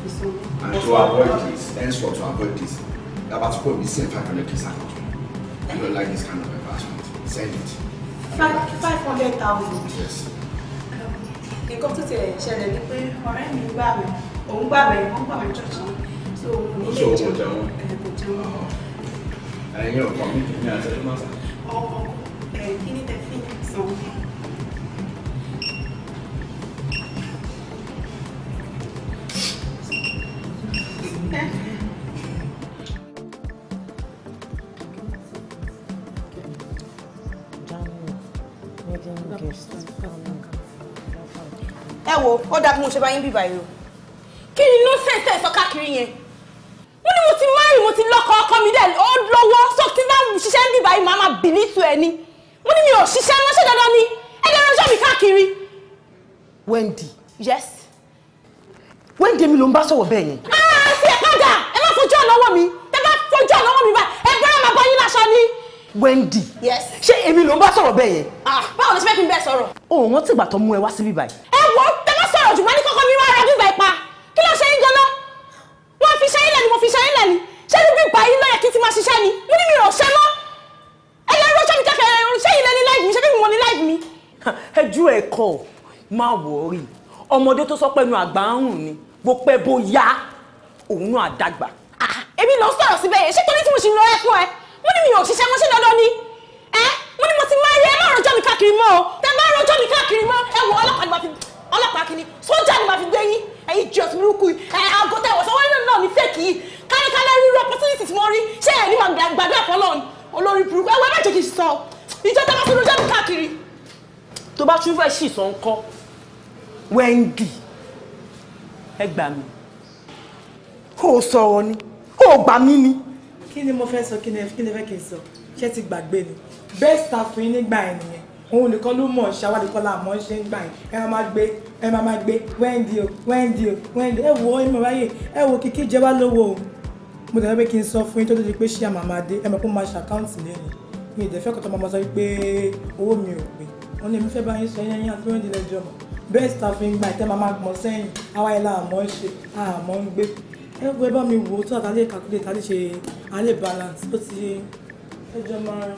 fi so. and to avoid this henceforth to avoid this about tí kò ní send five hundred kiss account you don't like this kind of embarrassment send it. five hundred thousand. yes. Um, nǹkan tó ti ṣẹlẹ̀ ni pé ọ̀rẹ́ mi gbà mí òun gbà òun gbà mí ṣé o kò jẹun ẹ̀yin ọ̀kan mi kì í ní àtẹ̀lé máa sà. ọkọ ẹ kí wo ó dáa kí mo ṣe bá yín bíbá o. wọ̀ bẹ́ẹ̀ yẹn. àti ah, ẹ̀ padà ẹ má fojú ọ̀ lọ́wọ́ mi ẹ bá fojú ọ̀ lọ́wọ́ mi bá ẹ gbọ́dọ̀ máa bọ́ yín láṣọ ni. Wendy ṣé èmi ló ń bá sọ̀rọ̀ bẹ́ẹ̀ yẹn. Ah, báwo ni ṣe fẹ́ kí n bẹ́ẹ̀ sọ̀rọ̀. òun wọ́n tìgbà tó mú ẹ wá síbí báyìí. ẹ wo ẹ má sọ̀rọ̀ jù wọ́n ní kọ́kọ́ mi wá ara bíbá ipa kí ló ṣe yín gan-an wọ́n fi ṣe yín lẹ́nu mo fi ṣe yín lẹ́nu ṣé ní bíbá yín lọ́yẹ̀ kí n ti máa ṣiṣẹ́ ni mo ní mi ò ṣe mọ́ ẹ lọ rọ́ṣọ́ mi kẹfẹ́ ṣé yín lẹ́ni láì mi ṣé bí mo ní láì mi. ẹ ju ẹ̀kọ́ máa wọ̀ rí ọmọdé tó sọ pẹ́nu àgbà ń rùn ni bó pẹ́ bó yá òun náà dàgbà. Ah, èmi lọ sọ̀rọ̀ síbẹ̀ yẹn ṣé torí tí mo ṣì ń lọ ẹ fún ẹ mo ní mi ò ṣiṣẹ́ mo ṣe dandan ni ẹ mo ní mo ti máa rí ẹ má rojọ́ mi káàkiri mọ́ o tẹ má rojọ́ mi káàkiri mọ́ ẹ wo ọlọ́pàá ni màá fi ọlọ́pàá kìíní sójà ni màá fi gbé yín ẹ̀yin jọ̀sìn burúkú yìí ẹ̀ àgọ́ tẹ̀ wọ̀ sọ́wọ́n náà ní fẹ́ẹ̀kì yìí kálẹ́kálẹ́ rírú opportunity tí mo rí ṣé ẹ̀ ní màá gbàgbé àfọlọ́ olórí burúkú ẹ̀ wọ́n ẹ̀ bá jẹ́ kí n sọ ìjọ tó bá tún lójá mi káàkiri ẹ gbà mí. ó sọ̀rọ̀ ni ó gbà mí ni. kí ni mo fẹ́ sọ kí ni kí ni fẹ́ kí n sọ ṣé ti gbàgbé ni bẹ́ẹ̀ staff yín nígbà yẹn nìyẹn òun nìkan ló mọ̀ ṣe àwádìí kọ́lá àmọ́ ṣe ń gbà yín ẹ máa gbé ẹ máa máa gbé wẹ́ndì o wẹ́ndì o wẹ́ndì ẹ wo ẹ máa ráyè ẹ wo kìkì jẹ́ wá lówó o mo dẹ̀ fẹ́ pé kí n sọ fún yín tó tó di pé ṣé àmà máa dé ẹ mọ̀ pé mo máa ṣàkáǹtì lẹ́yìn mi ì kọ́tọ́ máa sọ pé owó mi ò pé òun ni èmi fẹ́ bá yín sọ yẹn yín àti wẹ́ndì lẹ́jọ́ mọ́ best ta fi ń gba ìtẹ́ máa gbọ́n sẹ́yìn àwa ilé àmọ́ ṣe àmọ́ ń gbé ẹgbẹ́ bá mi wò ó tó àtàlẹ́ calculate àti ṣe àlè balance ó ti ẹjọ́ máa.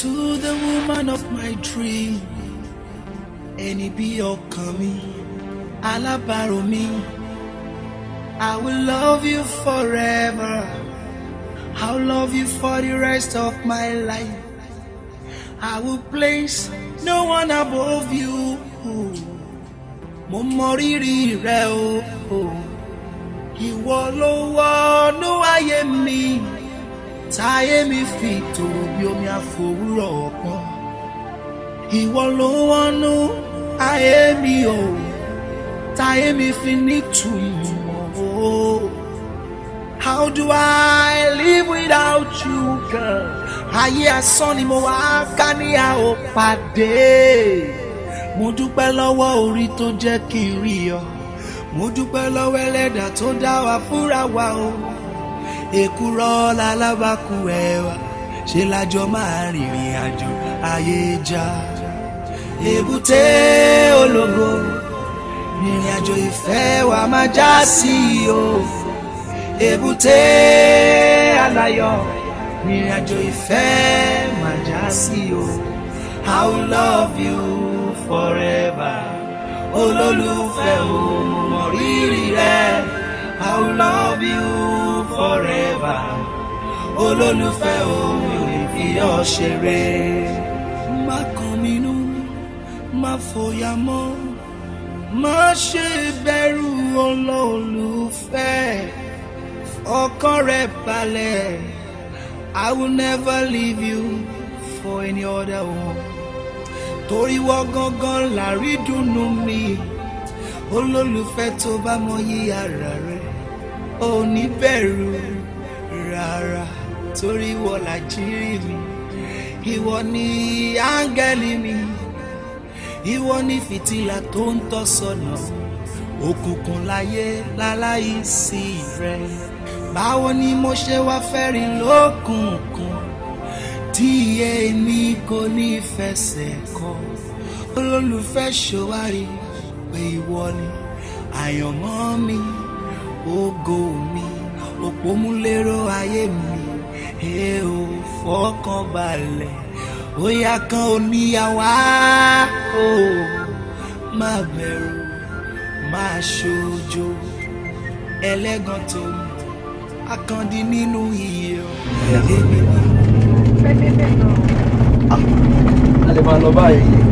To the woman of my dream, ẹni bí ọkàn mi, alábàárò mi, I will love you forever. I'll love you for the rest of my life. I will place no one above you. Mo mọ rírì rẹ o, ìwọ ló wọnú ayé mi táyé mi fi tòrò bí omi àfòwúrọ̀ ọ̀pọ̀ ìwọ ló wọnú ayé mi o táyé mi fi nítumọ̀ o. How do I live without you, girl? Ayé asán ni mo wá ká ní a ò pàdé. Mo dúpẹ́ lọ́wọ́ orí tó jẹ́ kí n rí ọ. Mo dúpẹ́ lọ́wọ́ ẹlẹ́dàá tó dá wa fúnra wa o èkúrọ́ lalábàkú ẹwà ṣe lájọ máa rìnrìn àjò ayé já èbúté ológo rìnrìn àjò ìfẹ́ wa máa já sí o èbúté aláyọ̀ rìnrìn àjò ìfẹ́ máa já sí o I will love you forever olólùfẹ́ o mọ̀ rírì rẹ I will love you forever olólùfẹ́ òun ò lè fi ọ́ ṣeré. má kàn mí nú má fòyà mọ́ má ṣe bẹ̀rù olólùfẹ́ ọkàn rẹ balẹ̀ I will never leave you for any other one torí wọ́n gangan làrídùnnú mi olólùfẹ́ tó bá mọ yíyára rẹ ò ní bẹ̀rù rárá torí ìwọ làjírí mi ìwọ ni áńgẹ́lì mi ìwọ ni fìtílà tó ń tọ́ sọ́nà òkùnkùn láyé láláì sí rẹ báwo ni mo ṣe wá fẹ́ rìn lókùnkùn tí èmi kò ní fẹsẹ̀ kọ olólùfẹ́ ṣòwárí pé ìwọ ni àyànmọ́ mi. Ogo mi òpómúlérò ayé mi ẹ ò fọkàn balẹ̀ bóyá kan oníyàwá o má bẹ̀rù má ṣojo ẹlẹ́gàn tó mi akandi nínú iyọ̀ èmi ni. alẹ́ ah, máa lọ báyìí.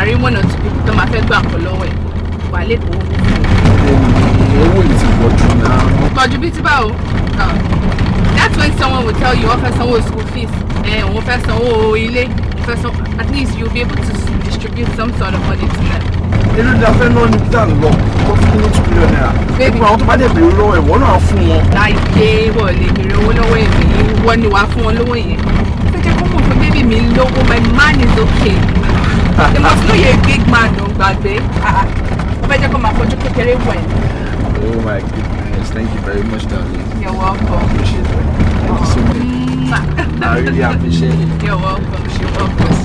wàá mọ̀nà tó tó máa fẹ́ gbà kọ́ lọ́wọ́ ẹ̀ wàá lè owó fún un. náà. pọ̀jù bíi ti báwo that's when someone will tell you wọ́n fẹ́ sanwó school fees wọ́n fẹ́ sanwó ilé wọ́n fẹ́ sanwó at least you'll be able to distribute some sort of money to them. Èrè ni a fẹ́ náà ní títà lọ, kó fún ní two million naira. Gbogbo àwọn tó bá dẹ̀ béèrè lọ́wọ́ ẹ̀wọ́ náà fún wọn. Láìpé wọ̀ lè béèrè owó lọ́wọ́ èmi, wọ́n ni wàá fún wọn lówó yẹn. Ṣé jẹ́ kó mọ̀ pé bébì mi lówó, my man is okay. You must know you're a big man, don't gbàgbé. Ọbẹ̀ ah, ah. jẹ́ kó máa fojú kékeré wọ̀ ẹ́. Oh my goodness, thank you very much, darling. You're welcome. I appreciate it. Thank you so much. I really appreciate it. You're welcome. You're welcome.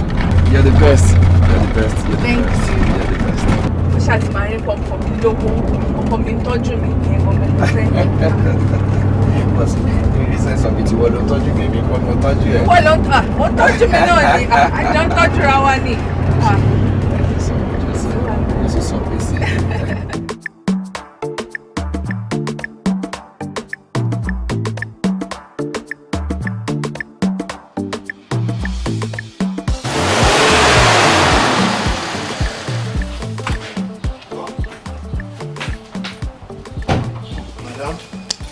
You're the best. You're the best. You're the thank best. you. You're the best. Mo ṣàti máa rí pọ̀pọ̀ mi lówó, ọkọ mi ń tọ́jú mi ní ẹ̀gbọ́n mi lọ́sẹ̀ plus the sense of it wọ́n ló tọ́jú mi mi kọ́ ló tọ́jú ẹ̀. wọ́n ló ń tọ́jú mi náà ni àjọ ń tọ́jú ra wa ni moi.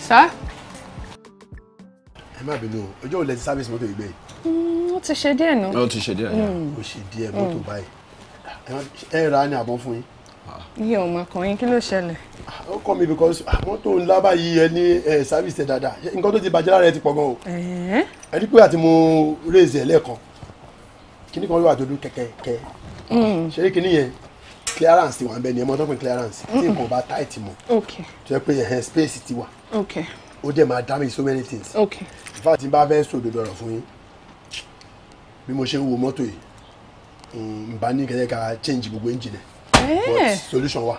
Sir? Ẹ má bínú, ọjọ́ ò lẹ́sí sáfíìsì mọ́tò ti ṣe díẹ̀ nù. ó ti ṣe díẹ̀ nù. ó ṣe díẹ̀ mọ́tò mm. báyìí ẹ ra ni àbọ̀ fún yín. iye ọmọ ọkùnrin kí ló ṣẹlẹ̀. ó kọ́ mi because ah, mọ́tò ńlá báyìí ẹ ní service sáfìsì ẹ dáadáa nǹkan tó ti bàjẹ́ lára ẹ ti pọ̀ gan o. ẹ rí pé àti mo raise ẹ lẹ́ẹ̀kan kíní kan wíwà tó dún kẹ̀kẹ́ ṣe é kíní yẹn clearance ti wà nbẹ ni ẹ mọ tó clearance tí nǹkan bá tight mọ tó yẹ pé ẹhẹn space ti wà ó dẹ̀ máa damage so many things in fact n bá fẹ́ sòdodo ọ̀rọ̀ fún yín bí mo ṣe ń wo mọ́tò yìí n bá ní kẹ́kẹ́ ká change gbogbo engine ẹ̀ but eh. solution wa.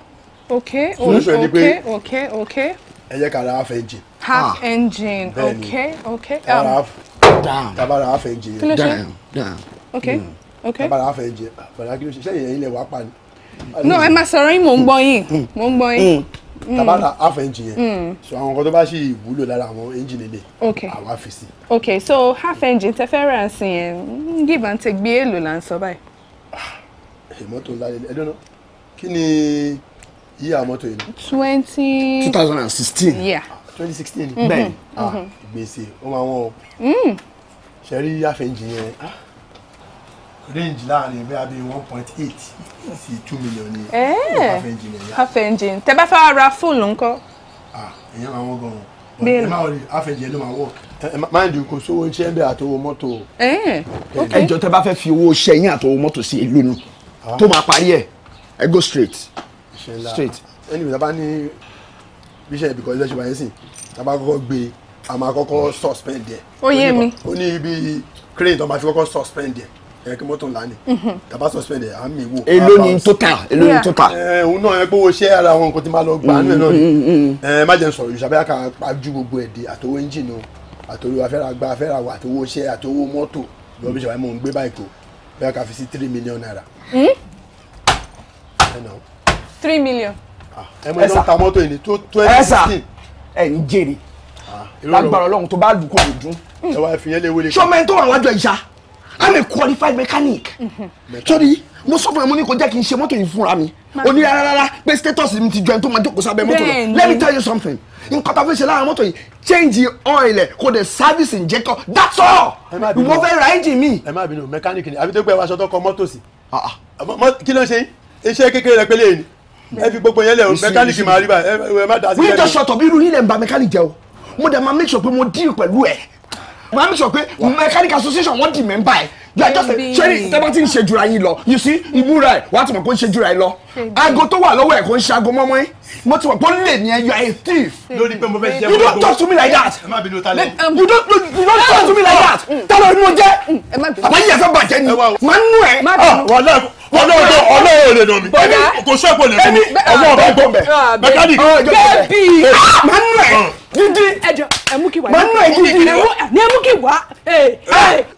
ok solution ok ok ok. ẹ jẹ́ ká ra half engine. half ah. engine ok ok. taba um, ra half engine. kí ló ṣe ok hmm. ok. taba ra half engine bàdá ah, kí ló ṣe ṣẹ́yìn ẹ̀yin lẹ̀ wá pa ni. no ẹ máa sọ̀rọ̀ yín mò ń gbọ́ yín hmm. mò ń gbọ́ yín. Hmm tabata mm. half engine yẹn mm. so àwọn nǹkan tó bá ṣì wúlò lára àwọn engine lè àwa fi sí. ok so half engine tẹ fẹ́ rà sí yẹn mm, give and take gbé èlò là ń sọ báyìí. Ah, mọ́tò ńlá yẹn ẹ̀dọ́nà kí ni iye àwọn mọ́tò twenty two thousand and sixteen. Ah, twenty sixteen mm-hmm. bẹ́ẹ̀ ah. mm-hmm. gbèsè ó máa wọ́n o ṣe rí half engine yẹn. Ah range láàrin bí abí one point eight sí two million ní half engine ẹ̀yà. half engine tẹ bá fẹ́ ra full ńkọ́. ìyẹn máa wọ́n gan-an bẹ́ẹ̀ máa rí half engine ló máa work. mind you kò sówó iṣẹ́ bẹ́ẹ̀ àtòwò mọ́tò. ẹjọ́ tẹ bá fẹ́ fi owó iṣẹ́ yín àtòwò mọ́tò sí ìlú nu tó máa parí ẹ̀ ẹ go straight straight. ẹni ìjọba ní bíṣẹ́ ibìkan ilé ìṣèwà yẹn sìn tàbá kọ́kọ́ gbé a máa kọ́kọ́ suspend ẹ̀. ó yé mi. ó ní ibi crane tó máa fi kọ́kọ́ suspend ẹ̀ kí mọ́tò ńlá ni mhm. tàbá suspend ẹ̀ à ń mi wò. èló ni total èló ni total. òun náà ẹ gbówó ṣé ara àwọn nǹkan tí máa lọ gbà nínú ẹ náà ni mm, mm, mm, ẹ má jẹun sọ̀rọ̀ ìṣàbẹ́ àká ju gbogbo ẹ̀ dé àtòwó ẹ́ńjìnì o àtòwó afẹ́ra gba afẹ́ra wà àtòwó ṣe àtòwó mọ́tò lọ́bí ṣàbẹ́ mò ń gbé báyìí kò bẹ́ẹ̀ ká fi sí three million naira. Hmm? three million. Ah, ẹ mọ iná ta mọ́tò yìí ní tó twenty sixteen. ẹ ń jèrè ah, lágbára ọlọ́run tó bá lù kò lè dún. ẹ fi yẹn lé wele. sọ́mẹ́ntò àwọn àjọ ìṣá i'm a qualified mechanic sorry mo sọ fún ẹ mo ní kò jẹ́ kí n ṣe mọ́tò yìí fúnra mi oní rárá pé status mi ti ju tó máa jókòó sábẹ́ mọ́tò lọ let me tell you something nǹkan tá a fi ṣe lára mọ́tò yìí change oil ẹ̀ kò dé service injector that's all ìwọ fẹ́ ra engine mi. ẹ má bínú mechanic ni àbí tó gbé wàṣọ tó kọ mọ́tò sí ah, ah. kí ló ń ṣe iṣẹ́ kékeré rẹ pélé ni ẹ fi gbogbo yẹn lẹ o mẹkáníìkì máa rí báyìí ẹ má dá sí. wíjọ sọtọ bí irú yín lẹ deal pẹ̀lú ẹ̀ màá mi sọ pé mechanic association wọ́n di mẹ́mbà ẹ̀ you are just ṣẹ́ni tẹ́bá ti ń ṣe jura yín lọ you see ìmúra ẹ̀ wàá ti mọ̀ kó ń ṣe jura yín lọ aago tó wà lọ́wọ́ ẹ̀ kó ń ṣe aago mọ́mọ́ yín mo ti mọ̀ pé ó lè ní ẹ you are a thief. lórí pé mo fẹ́ jẹ́ gbogbo you don't talk to me like that. ẹ má bínú ta lẹ. Um, you don't you don't talk to me like that. Oh. ta ló ní mo jẹ́ mm, àbáyé ẹ̀fẹ́ bàjẹ́ ni màá nú ẹ̀. Ah, wàlẹ́ ọlọ́ọ̀dọ́ ọlọ́ọ̀ lè nà mí. bọ́dà kò sọ èkó lè fún mi ah, ọmọ ọba gbọ́ mẹ́ mẹkáníkì. bẹ́ẹ̀bì máa ń nù ẹ̀ gidi máa ń nù ẹ̀ gidi ni ẹ mú kí wá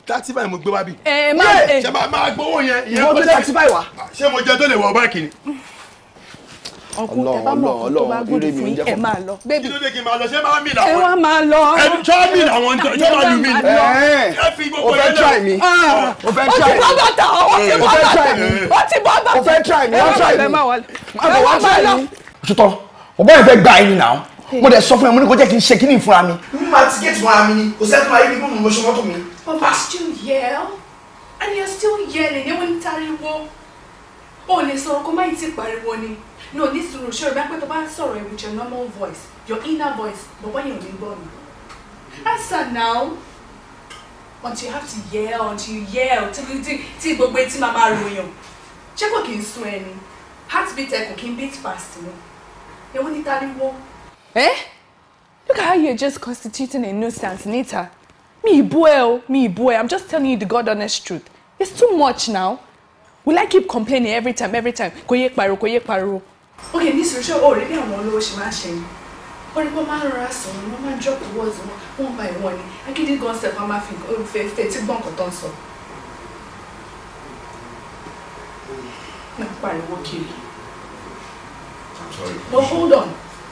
thirty five mo gbé wá bí. ẹ má ẹ ṣe máa máa gbowó yẹn. ìwọ gbé thirty five wá. ṣé mo jẹ tó lè wọ báàkì ni. ọkùn ẹ bá mọ ọkùn tó bá gbódì fún yín ẹ máa lọ. kí ló dé kí n máa lọ ṣé máa mì làwọn. ẹ wá máa lọ. ẹ tọ́ mì làwọn tó tọ́ máa lù mí. ẹ fi gbogbo ẹ lọ. o fẹ́ try mi. Ah, o fẹ́ try mi. o ti bọ́ bàtà o ti eh, bọ́ bàtà o ti bọ́ bàtà. o fẹ́ try mi wọ́n try mi. ẹ wá máa lọ. ṣùtọ́ ọ̀bọ̀n yẹn fẹ́ gbá ẹyin náà mo dẹ̀ sọ fún ẹ mo ní kó jẹ́ kí n ṣe kí ni ìfúnra mi. mi máa ti géètì fúnra mi ni kò sẹ́ni tó máa yí mi gbọ́n mo ṣe mọ́tò mi. Oh, but you ah. still yell and you still yelling ewu ń tariwo o lè sọ ọkọ máa ti pariwo ni no ní sùúrù ṣé o bá pẹ́ tó bá sọ̀rọ̀ with your normal voice your inner voice bọ̀bọ̀ yẹn ò ní gbọ́ mi. answer now until you have to yell until you yell tí gbogbo etí máa máa ròyàn ṣé kò kí n sún ẹni heartbeat ẹ kò kí n beat fast ni ewu ní tariwo. Eh? Look at how you're just constituting a nuisance, Nita. Me boy, me boy. I'm just telling you the God honest truth. It's too much now. Will I keep complaining every time, every time? Kò yé pariwo, kò Okay, this ṣé o rí bí àwọn olówó ṣe máa ń ṣe ni? Wọ́n my man máa ń rọra sọ̀rọ̀, wọ́n máa ń drop the words wọn, wọ́n by one ni. Agídí gan ṣe kan máa fi fetí gbọ́n nǹkan tó ń sọ. Wọ́n pariwo kiri. No, hold on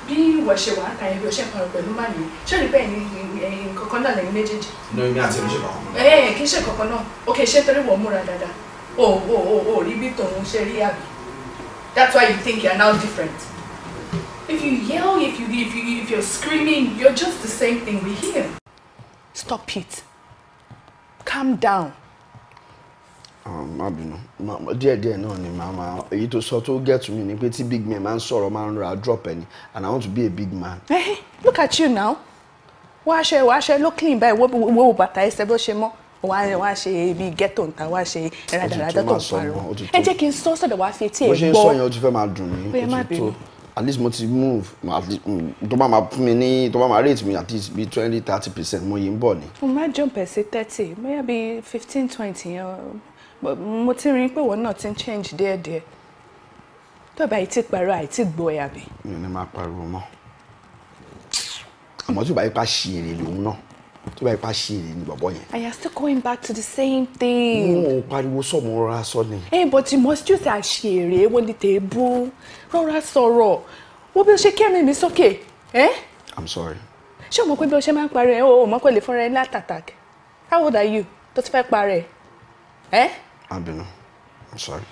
bí ìwọ ṣe wà á ta ẹbí ọṣẹ kan pẹ̀lú màmí ṣé ní bẹ́ẹ̀ ni ẹyin kankan náà lẹ́yìn méjèèjì. ní omi àti oníṣẹ́ kankan. ẹ kì í ṣe kankan náà ok ṣé torí wọ́n múra dáadáa o o o o rí bí tòun ṣe rí àbí that's why you think you are now different if you yell if you if you if you're screaming you're just the same thing we hear. stop it calm down Ah, má bínú díẹ̀ díẹ̀ náà ni màá máa èyí tó sọ tó get to me ni pé tí big man máa ń sọ̀rọ̀ máa ń ra drop ẹni and I want to be a big man. Hey, eh, look at you now wàá ṣe wàá ṣe ló clean báyìí wo bàtà ẹsẹ̀ bó ṣe mọ́ wá wá ṣe bí ghetto nta wá ṣe rádaràdà tó ń parọ́ ẹ jẹ́ kí n sọ sọ̀dọ̀ wá fi etí ẹ̀ gbọ́ bó ṣe ń sọ yẹn o ti fẹ́ máa dùn mí o ti tó at least mo ti move mm, tó bá máa fún mi rate mi at least bí twenty thirty percent mo yìí ń bọ̀ ni. mo máa jump ẹ̀ sí thirty Maybe fifteen twenty yẹn mo ti rí pé wọn náà ti ń change díẹ̀díẹ̀ tọ́ba yìí ti pàrọ̀ àìtí gbọ́ ẹ àbí. mi ò ní máa pariwo mọ́ àmọ́ tí ò bá yípa ṣe èrè lòun náà tí ò bá yípa ṣe èrè ni bọ̀bọ̀ yẹn. I am still going back to the same thing. mo ò pariwo sọmọ rọra sọ ni. ẹ but you must use àṣe èrè ewo ni tèébú rọra sọ̀rọ̀ wo bí o ṣe kẹ́rin mi sókè. I'm sorry. ṣé o mọ̀ pé bí o ṣe máa ń parẹ́ o ò mọ̀ pé o lè fúnra ẹ ní àtàtàk how old are you tó ti fẹ́ parẹ́ ẹ́ má bínú i'm sorry.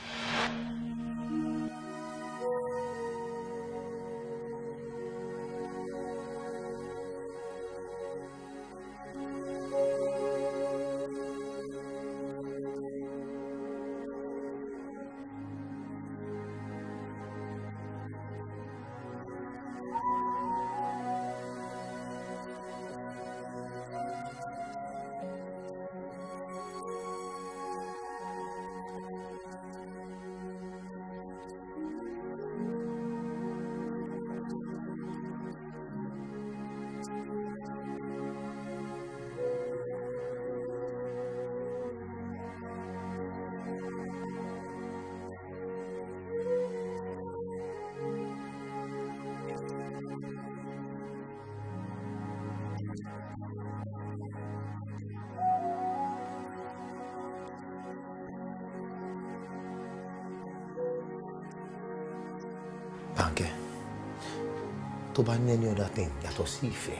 tó bá ní any other thing yàtọ̀ sí ìfẹ́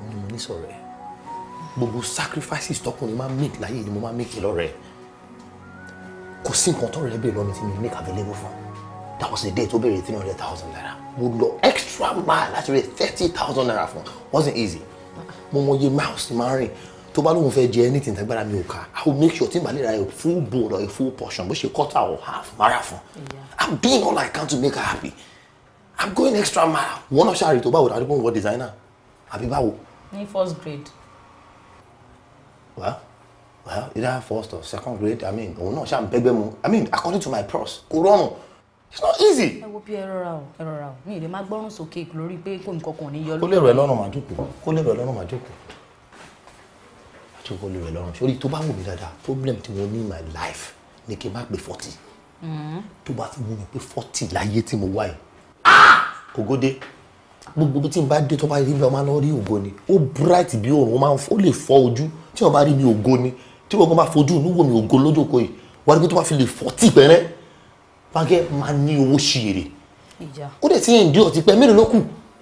òun ni mo ní sọ̀rọ̀ ẹ̀ gbogbo sacrifices tọkùnrin máa make láyé ni mo máa make lọ́rẹ̀ kò sí nǹkan tọrọ ẹ bèrè lọ́mi tí mi make available fún that was the day tó bèrè three hundred thousand naira mo lọ extra mile láti rẹ thirty thousand naira fún wasn't easy mo mọ iye miles ti máa ń rìn tó bá lóun fẹ́ jẹ anything tẹ́gbára mi ò ká i will make sure tí n bá lè ra a full bowl or a full portion bó ṣe cut out half mara fún i'm doing all i can to make her happy i'm going extra mile. wọ́n náà ṣàrì tó báwo dájú pé wọ́n designer àbí báwo. ní first grade. well well either first or second grade i mean òun náà ṣáà ń bẹ́gbẹ́ mu i mean according to my pros kò rọrùn it's not easy. ẹ wo bí ẹ rọra o ẹ rọra o mi ì lè máa gbọ́rùn sókè lórí pé kò ní kankan ò ní yọ lórí. kó lè rọ ẹ lọ́rùn máa jókòó kó lè rọ ẹ lọ́rùn máa jókòó àtúnkọ́ lè rẹ lọ́rùn sórí tó bá wù mí dáadáa problem tí mo ní in my life ni kí n má pé forty mm-hmm. tó bá ti wù mí pé forty láyé tí mo wá yìí ògo dé gbogbo bí tí n bá dé tó bá rí bí ọmọ náà rí ògo ni ó bright bí òòrùn ó lè fọ ojú tí wọn bá rí mi ògo ni tí wọn bá fojú inú wo mi ògo lójókòó yìí wọn rí pé tó bá fi lè fọ tí pẹ́rẹ́ báńkẹ́ máa ní owó ṣiyèrè ó dẹ̀ ti ń di ọ̀tí pẹ́ mélòó ló kù.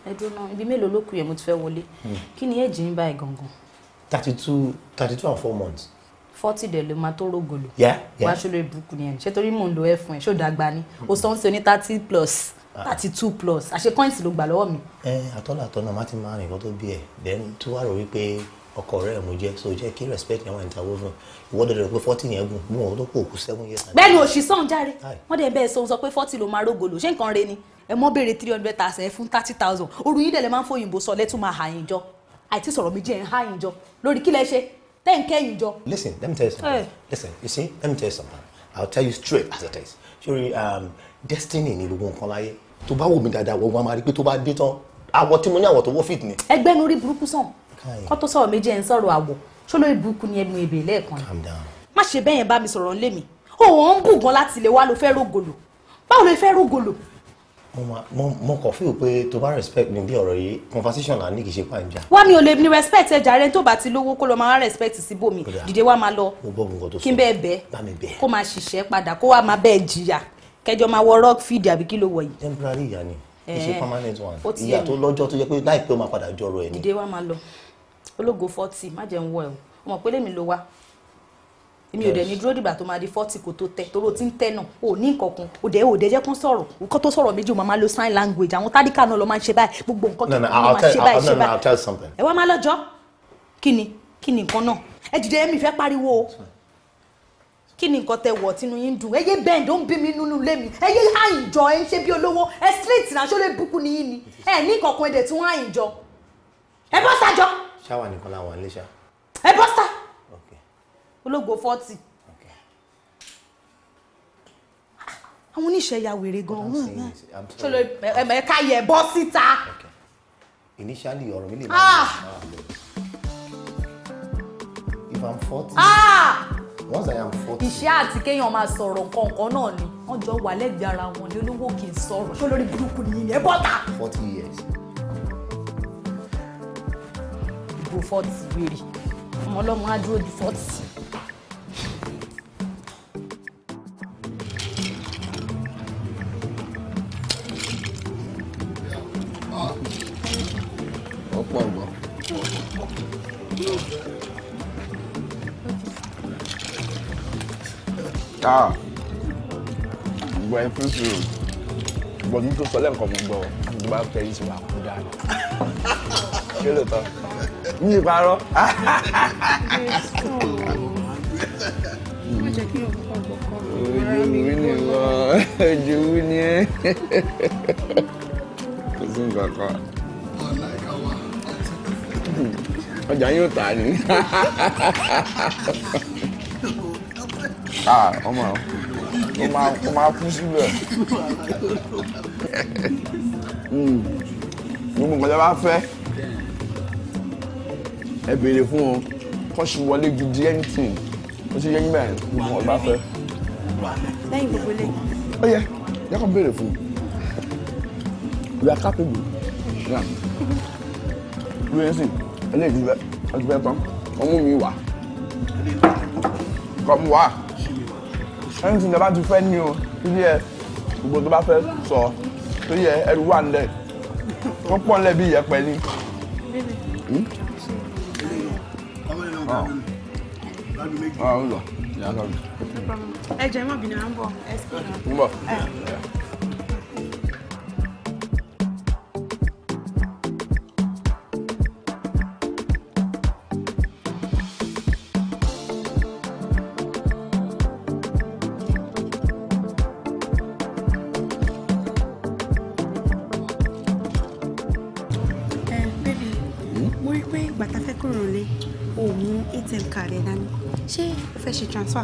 ẹ dúró ibi mélòó ló kù yẹn mo ti fẹ́ wọlé hmm. kí ni ẹ̀jì ń báyìí gangan. thirty two thirty two and four months. forty dẹ̀ ló máa tó rógolo. wàá ṣe lórí burúkú ni ẹ̀ ṣé torí mò ń lo ẹ̀ fún ẹ̀ ṣó dàgbà ni o hmm. sọ ń ṣe ní thirty plus thirty two plus àṣẹ coins ló gbà lọ́wọ́ mi. ẹ àtọ́lá àtọ́nà má ti máa rìn lọ́tọ́ bí ẹ̀ then tó wà rò wípé ọkọ rẹ mo jẹ so jẹ kí respect yẹn wà ní tàwọn fún ìwọ dọdọ rẹ pé fourteen yẹn gùn mú wọn tó kó òkú seven years. bẹ́ẹ̀ni òṣì sàn járe wọn dẹ bẹ́ẹ̀ sọ sọ pé forty ló máa rógolo ṣé nǹkan re ni ẹ mọ béèrè three hundred thousand ẹ fún thirty thousand oru yín dẹlẹ máa ń fòyìnbó sọ lẹtùn máa hà yín jọ àìtí sọ̀rọ̀ mi jẹ ẹ ń hà jọ lórí kí lẹ ṣe tẹ ń kẹyìn jọ. listen let me tell you something hey. Eh. listen you see let me tell you something i will tell you straight as it is sori um, destiny ni gbogbo nǹkan láyé tó bá wò mí dáadáa wọ́n wọ́n máa rí pé tó bá dé tán àwọ̀ tí mo ní àwọ̀ tó wọ́ fit ni. ẹgbẹ́ nu rí burúkú sàn kó tó sọ̀rọ̀ méjì ẹ̀ ń sọ̀rọ̀ àwọ̀ ṣó lórí burúkú ni ẹnu ebè lẹ́ẹ̀kan ni má ṣe bẹ́ẹ̀ yẹn bá mi sọ̀rọ̀ ńlé mi òun ń bù gan láti lè wá lo fẹ́ rògòlò báwo lo fẹ́ rògòlò. mo kàn fíìl pé tó bá respect mi bí ọ̀rọ̀ yìí conversation là ní kì í ṣe pàǹjà. wá mi ò lè ní respect ẹ jàre tó bá ti lówó kó lọ máa respect síbòmí dìde wá máa lọ kí n bẹ́ẹ̀ bẹ́ẹ̀ kó máa ṣiṣẹ́ padà kó wá máa bẹ́ẹ̀ jìyà kẹjọ máa wọ rock feed àbí kí ló wọ yìí. temporary ìyá ni kì í ṣe eh, permanent one ìyá tó lọ́jọ́ tó jẹ́ pé láìpẹ́ ó máa padà jọrọ ẹ̀ ni. dìde wa máa lọ ológo forty má jẹun wọ ẹ o mọ̀ pé lèmi ló wá èmi ò dẹ̀ ní dúró dìgbà tó máa di forty kò tó tẹ toró tí ń tẹ náà ò ní nǹkan ò dẹ̀ ò dẹ̀ jẹ́ kó sọ̀rọ̀ nǹkan tó sọ̀rọ̀ méjì ò máa lo sign language àwọn tádìkà náà lọ máa ń ṣe báyìí gbogbo nǹkan tó kún ló máa ṣe báyìí ṣe báyìí ẹ wá máa lọ́jọ́ kí ni kí ni nǹkan náà ẹ dìde mi fẹ́ pariwo kí ni nǹkan tẹ wọ̀ tínú yín dùn ẹyẹ bẹ́ẹ̀ ló ń bí mi nínú ilé mi ẹyẹ àyìnjọ ẹ ń ṣe bí olówó ẹ street náà ṣọlẹ búkú ni yín ni ẹ ní kankan ẹdẹ tí wọn àyìnjọ ẹ bọ́ sájọ. ṣáwa nìkan la wà nílé ṣá. ẹ bọ́ sá ológo fọ́tì àwọn oníṣẹ́ ya wèrè gan-an ṣọlẹ ẹ ká yẹ bọ́ síta. initially ọ̀rọ̀ mi lè máa ń bọ̀ if i'm forty. Ah! once I am forty. iṣẹ́ àti kéèyàn máa sọ̀rọ̀ kọ̀ọ̀kan náà ni wọ́n jọ wà lẹ́gbẹ̀ẹ́ ara wọn ní olówó kì í sọ̀rọ̀ ṣó lórí burúkú ni ilẹ̀ bọ́tà. forty years. ìbò forty wèrè ọmọ ọlọ́mọ á dúró di forty. ah gbọ́ ẹ fún sùúrù gbọ́ ní tó sọ lẹ́ẹ̀kan mo gbọ́ mo bá fẹ́ yìí sì máa kú dáadáa ṣé lóòótọ́ ní ìparọ́. ojú wí ni wọ́n ojú wí ni ẹ́ kò sí nǹkan kan ọjà yóò tà ní. ọmọ ó máa kú síbẹ̀ gbogbo nǹkan tó bá fẹ́ ẹ béèrè fún wọn kọ́ṣù wọlé gidi anything ó ti yẹ nígbà yẹn gbogbo nǹkan tó bá fẹ́. lẹ́yìn gbogbo lẹ́yìn. ó yẹ yẹ kó béèrè fún we are capable náà lóye sí eléyìí ti fẹ́ ọtí fẹ́ tán ọmú mi wá kọ́ mu wá ẹni tí ìjọba ti fẹ́ ní o títí ẹ gbogbo tó bá fẹ́ sọ tó yẹ ẹrù wà nílẹ̀ tó pọ̀ nílẹ̀ bí ìyẹ̀pẹ̀ ni. Hmm? Ah. Ah, ẹ jẹ́ mọ̀ bìnrin à ń bọ̀ ẹ sì kí n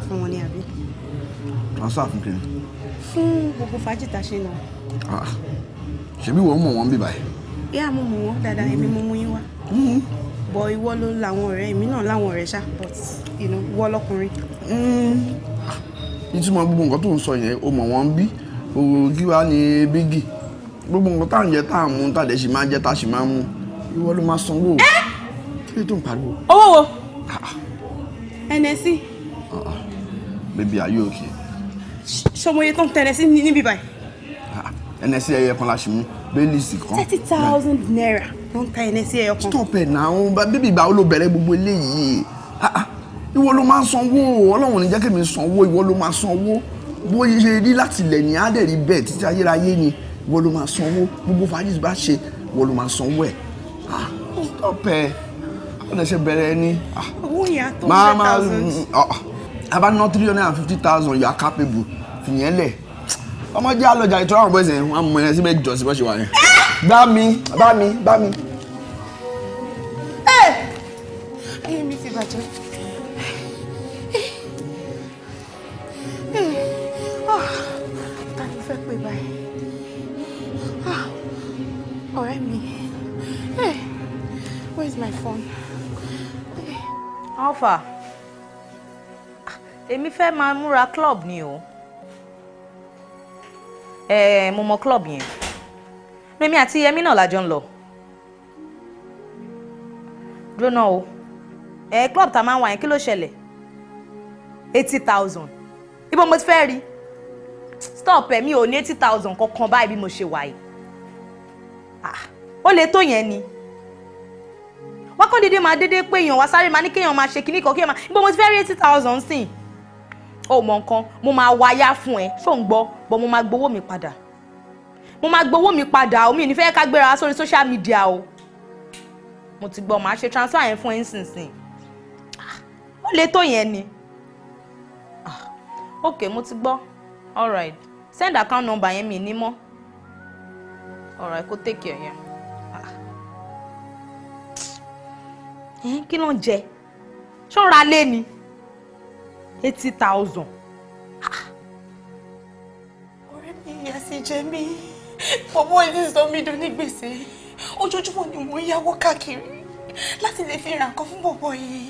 fún wọn ni àbí. ọsọ àfún kiri. fún gbogbo fàájì tá a ṣe náà. Ah, ṣebí wo mọ̀ wọ́n bí báyìí. ìyá mo mọ̀ wọ́n dáadáa èmi mo mú yín wá. Hmm. bọ ìwọ ló làwọn ọ̀rẹ́ èmi náà làwọn ọ̀rẹ́ ṣá but ìwọ lọkùnrin. Hmm. Ah, ìtumọ̀ gbogbo nǹkan tó ń sọ yẹn o mọ̀ wọ́n bí kí wàá ní bígì gbogbo nǹkan tá à ń jẹ tá à ń mú tá à dẹ̀ máa jẹ tá a ṣì máa mú ìwọ ló máa sanwó eh! kí ló tó ń pariwo. owó wo ẹnẹsì. Ah, e baby are you okay. sọmọ iye tó ń tẹnẹ sí níbí báyìí. ẹnẹ ah, sí ẹyẹ kan la ṣe sì kan. thirty thousand naira ló ń ta ẹnẹ sí ẹyẹ kan. stop ẹ̀ náà bébì ìgbà wo ló bẹ̀rẹ̀ gbogbo eléyìí ah, ah, ìwọ ló máa ń sanwó ọlọ́run ní jẹ́ kí mi sanwó ìwọ ló máa sanwó bó ṣe rí láti ilẹ̀ ní àdẹ̀rí bẹ́ẹ̀ títí ayérayé ni ìwọ ló máa sanwó gbogbo fàájì bá ṣe ìwọ ló máa sanwó ẹ̀ ah stop ẹ̀ ọ̀dẹ̀ ṣe bẹ̀rẹ̀ ẹni. owó ìyá tó ń thousand. Mm, mm, About not three hundred and fifty thousand you are capable fìyẹn lẹ̀ ọmọ jẹ́ àlọ́jà ìtura àwọn boys yẹn wọ́n á mọ ẹ̀ síbẹ̀ jọ sí bó ṣe wà yẹn. bá mi bá mi bá mi. ayé mi ti bàjẹ́. Ah, ta ni fẹ́ pè báyìí ah, ọ̀rẹ́ mi where is my phone. Alpha èmi fẹ́ máa múra club ni o ẹ eh, mo mọ club yẹn Rẹ̀mí àti Yẹmí náà lájọ ń lọ jóná o ẹ eh, club tá a máa ń wà yẹn kí ló ṣẹlẹ̀ eighty thousand ibo mo ti fẹ́ rí stop ẹ̀ mi ò ní eighty thousand kankan báyìí bí mo ṣe wà yìí ah, ó lè tó yẹn ni wákàndínlẹ́dẹ́ máa dédé pé èèyàn wá sáré máa ní kéèyàn máa ṣe kíní kan kéèyàn máa ibo mo ti fẹ́ rí eighty thousand sìn ó mọ nǹkan mo máa wáyà fún ẹ ṣó ń gbọ́ bọ́ mo máa gbowó mi padà mo máa gbowó mi padà o mi ò ní fẹ́ ká gbéra wá sórí social media o mo ti gbọ́ màá ṣe transfer yẹn fún ẹ nísinsìnyí ah, ó lè tó yẹn ni ah, ok mo ti gbọ́ alright send account number yẹn mi ní mọ́ alright kó take care yẹn ah. kí ló ń jẹ ṣọ́ra lé ni eighty thousand. ọ̀rẹ́ mi ìyá sì jẹ mí bọ́bọ́ ìdí sọ mí dùn ní gbèsè ojoojúmọ́ ni mò ń yáwó káàkiri láti lè fi ra nǹkan fún bọ́bọ́ yìí.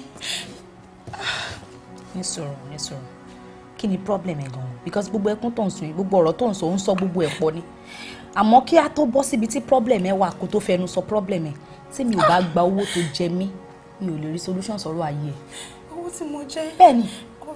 ní sọ̀rọ̀ ní sọ̀rọ̀ kí ni problem ẹ̀ gan-an because gbogbo ẹkún tó ń sùn yìí gbogbo ọ̀rọ̀ tó ń sọ ń sọ gbogbo ẹ̀ pọ̀ ni àmọ́ kí a tó bọ́ síbi tí problem ẹ wà kó tó fẹnu sọ problem ẹ tí mi ò bá gba owó tó jẹ mí mi ò lè rí solution sọ̀rọ̀ ayé ẹ̀. owó tí mo jẹ́ bẹ́ẹ̀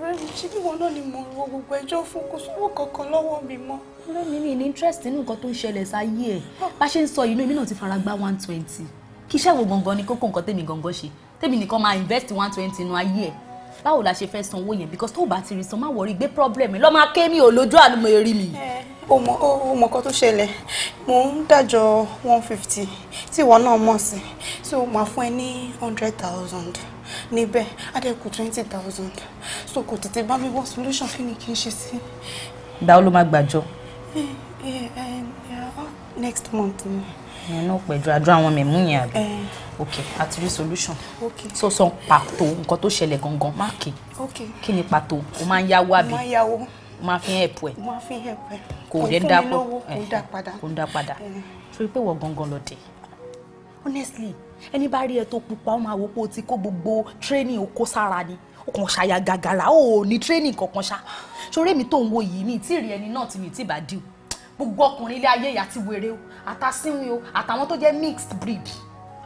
ọ̀rẹ́ mi ṣé bí wọn náà ni mo ro gbogbo ẹjọ́ fún kò sówó kankan lọ́wọ́ mi mọ́. ọ̀rẹ́ mi ní interest nínú nǹkan tó ń ṣẹlẹ̀ sáyé ẹ̀ bá ṣe ń sọ inú èmi náà ti fara gbá one twenty kí iṣẹ́ wo gangan ni kókó nǹkan tèmi gangan ṣe tèmi nìkan máa invest one twenty inú ayé ẹ̀ báwo la ṣe fẹ́ sanwó yẹn because tó o bá ti rí san má wọrí gbé problem lọ́ máa ké mi ò lójú àánú mo rí mi. ọmọ ọmọ kan tó ṣẹlẹ̀ mò ń dájọ́ one fifty tí ìwọ náà mọ̀ sí so màá fún ẹ ní hundred thousand níbẹ̀ adẹ́kù twenty thousand so kò tètè bá mi wọ́n solution kí ni kí n ṣe sí. dáwọ́ ló máa gbàjọ. Eh, eh, eh, oh, next month ni. ìyẹn náà pẹ̀jọ àdúrà àwọn mẹ̀mú yẹn àbí ok àti rí solution okay. so sọ pàtó nǹkan tó ṣẹlẹ̀ gangan má kì okay. kí ni pàtó o máa ń yáwó àbí. o máa ń yáwó máa fi hẹ̀pù ẹ̀ máa fi hẹ̀pù ẹ̀ kò dé dá padà kò dá padà torí pé wọ́n gangan lọ dé honestly ẹni bá rí ẹ tó pupa ó máa wò pé o ti kó gbogbo training oko sára ni o kàn ṣàyà gàgàrà o ní training kankan ṣá ṣoré mi tó ń wo yìí mi tí ì rí ẹni náà tí mi tí ì bá dìú gbogbo ọkùnrin ilé ayé ìyá ti wèrè o àtàsínwìn o àtàwọn tó jẹ́ mixed breed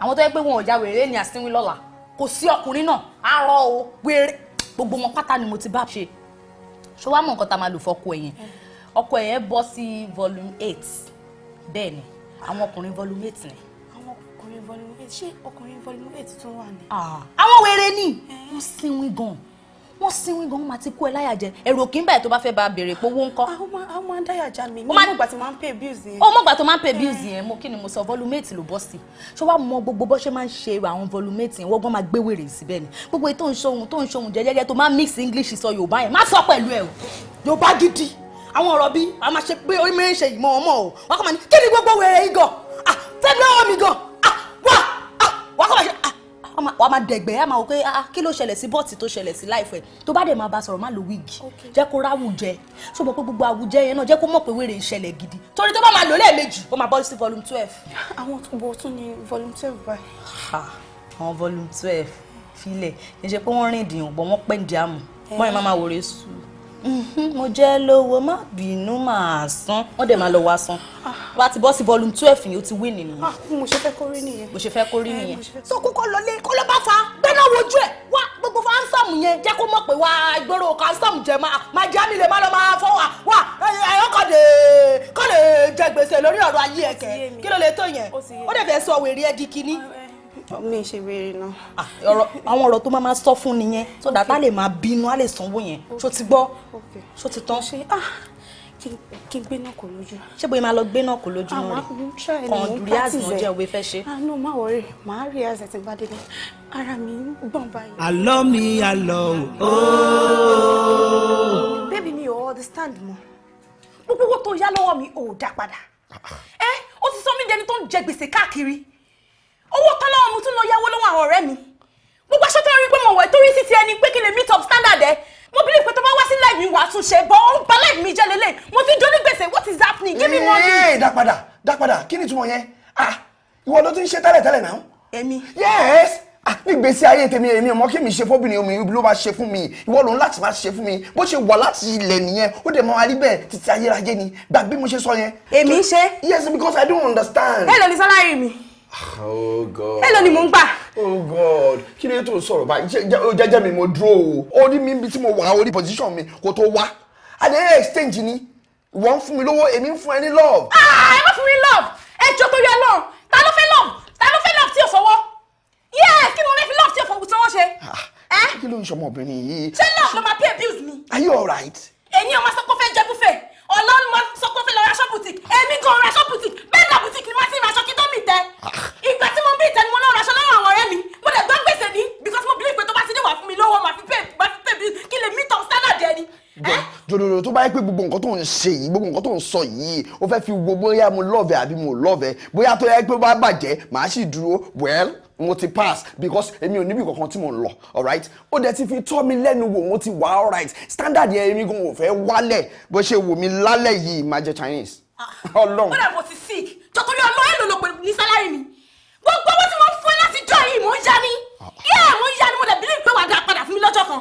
àwọn tó yẹ pé wọn ò já wèrè ní àsínwìn lọ́la kò sí ọkùnrin náà arọ o wèrè gbogbo wọn pátá ni mo ti bá ṣe ṣó wàá mọ nǹkan tá a máa lò fọkọ ẹ ọkọ ẹ bọ́ sí volume eight bẹ́ẹ̀ ni àwọn ọkùnrin volume eight ni ṣé ọkùnrin volume tó wà ní. Ah, àwọn wèrè ni wọ́n sinwin gan wọ́n sinwin gan wọ́n máa ti kó ẹ láyà jẹ ẹ̀rù òkè ń báyìí tó bá fẹ́ bá béèrè pé owó ń kọ́. àwọn máa ń dáyà já mi ní mọ̀gbà tí máa ń pay bills yẹn. ó mọ̀gbà tó máa ń pay bills yẹn mo kí ni mo sọ volume ló bọ́ sí ṣé wàá mọ gbogbo bọ́ ṣe máa ń ṣe àwọn volume yẹn wọ́n gan máa gbé wèrè síbẹ̀ ni gbogbo ètò ìṣòhun tó ń ṣòhun jẹjẹjẹ tó máa mix English sọ Yorùbá yẹn má sọ pẹ̀lú ẹ o. Yorùbá gidi àwọn ọ̀rọ̀ bíi a máa ṣe pé orí mẹ́rin ṣe ìmọ̀ ọmọ o wọ́n kọ́ máa ní kí ni gbogbo wèrè igọ̀ ah fẹ́ẹ́ lọ́wọ́ mi gan wàá kọ́ máa ṣe ah, ah, wàá máa dẹ̀gbẹ́ ẹ̀ máa wò pé ah, kí ló ṣẹlẹ̀ sí bọ́ọ̀tì tó ṣẹlẹ̀ sí láìfẹ́ tó bá dẹ̀ máa bá sọ̀rọ̀ má lo wíìgì jẹ́ kó ráwùjẹ ṣùgbọ́n pé gbogbo àwùjẹ yẹn náà jẹ́ kó mọ̀ pé wèrè ìṣẹ̀lẹ̀ gidi torí tó bá máa lò lẹ́ẹ̀mejì ó máa bọ́ sí volume twelve. àwọn òbò tún ni volume twelve báyìí. àwọn volume twelve filẹ̀ kì í ṣe pé wọ́n rìn ìdìyàn bọ̀ wọ́n pẹ́ ń àmọ́ eh. wọ́n yẹn máa máa wòrè sùn. Mhm, mo jẹ́ lówó má bínú máa san wọ́n dẹ̀ máa lọ wá san bá ti bọ́ sí bọ́ọ̀lù twelve yìí ó ti wí nìyẹn. Ah, mo ṣe fẹ́ kó rí nìyẹn. mo ṣe fẹ́ kó rí eh, nìyẹn. so kókó lọlé kó ló bá fa gbẹ́nà wojú ẹ̀ wá gbogbo fáńsọ̀mù yẹn jẹ́ kó mọ̀ pé wá ìgboro káńsọ̀mù jẹ máa jẹ́ mi lè má lọ máa fọ́ wa wá ẹ̀yọ́ kọ́ lè kọ́ lè jẹ gbèsè lórí ọ̀rọ̀ ayé ẹ̀kẹ́ kí ló lè tó yẹn ó dẹ̀ fẹ́ sọ wèrè ẹ̀ mi ṣe béèrè náà. Ah, àwọn ọ̀rọ̀ tó máa máa sọ fún nìyẹn so that a lè máa bínú a lè sanwó yẹn ṣó ti gbọ́ ṣó ti tán. Ah, kí n gbé náà kò lójú. ṣé bóyá máa lọ gbé náà kò lójú ah, náà rè kàn ríaz náà jẹ́ òwe fẹ́ ṣe. àánú má wọrí màá rí àṣẹ tí n bá délé ara mi ń gbọ̀n báyìí. àlọ́ mi àlọ́ o. bébí mi ò understand mọ́ gbogbo owó tó yá lọ́wọ́ mi ò dá padà. ẹ eh, ó ti sọ mí dẹni tó ń jẹ gbèsè káàkiri owó kan náà mo tún lọ yáwó lọ́wọ́ àwọn ọ̀rẹ́ mi gbogbo aṣọ tó ń rí pé mo wọ̀ torí sí ti ẹni pé kí lè meet up standard ẹ mo bí lè tó bá wá sí life mi wàá tún ṣe bọ́ ó ń ba life mi jẹ́ lélẹ̀ mo ti jó ní gbèsè what is happening give me money. ee dá padà dá padà kí ni ìtumọ̀ yẹn ah ìwọ ló ti ń ṣe tẹ́lẹ̀ tẹ́lẹ̀ náà. èmi. yes ah, nígbèsí ayé tèmi èmi ọmọ kí mi ṣe fóbìnrin omi ló bá ṣe fún mi ìwọ lòun láti máa ṣe fún mi bó ṣe wà láti ilẹ̀ nìyẹn ó dẹ̀ máa rí títí ayérayé ni gbàgbé mo ṣe sọ yẹn. èmi ṣe. yes because i don't understand. ẹ lè ní sálárì mi. Oh God. Hello ni mo ń gbà. Oh God. Kí ló yẹ tó sọ̀rọ̀ báyìí? Jẹ́jẹ́ mi mo dúró o. Orí mi tí mo wà orí position mi kò tó wá. Adé exchange ni. Wọ́n fún mi lówó, èmi ń fún ẹ ní love. Ah! Ẹ má fún mi love. Ẹ jọ torí Ọlọ́run. Ta ló fẹ́ love? Ta ló fẹ́ love tí o fọwọ́? Yẹ́ kí ni mo fi love tí o fọwọ́ tí wọ́n ṣe? Ah, kí ló ń ṣọmọ obìnrin yìí? Ṣé love ló máa pay bills mi? Are you alright? Èyí ọmọ sọ pé ó fẹ́ jẹ búfẹ̀. Ọlọ́run máa sọ pé ó fẹ́ lọ ra ṣọ́ọ̀bù tì. Èmi gan ra ṣọ́ọ̀bù tì. jòdòdò tó bá pé gbogbo nǹkan tó ń ṣe yìí gbogbo nǹkan tó ń sọ yìí ó fẹ́ fi wo bóyá mo love àbí mo love bóyá tó yẹ pé bá bàjẹ́ màá sì dúró well mo ti pass because èmi ò níbi kankan tí mo ń lọ alright ó dẹ̀ ti fi tọ́ mi lẹ́nu wò mo ti wà alright standard yẹn èmi gan ò fẹ́ wálẹ̀ bó ṣe wò mí lálẹ́ yìí máa jẹ Chinese. Ah. Ọlọ́run ó dà mo ti sick jọtọ ní ọlọ èlò ló pè ní sálárì mi gbogbo owó tí mo fún ẹ láti jọ yìí mò ń yá ni ah. yẹ mò ń yá ni mo dẹ̀ bílíì pé padà fún mi lọ́jọ́ kan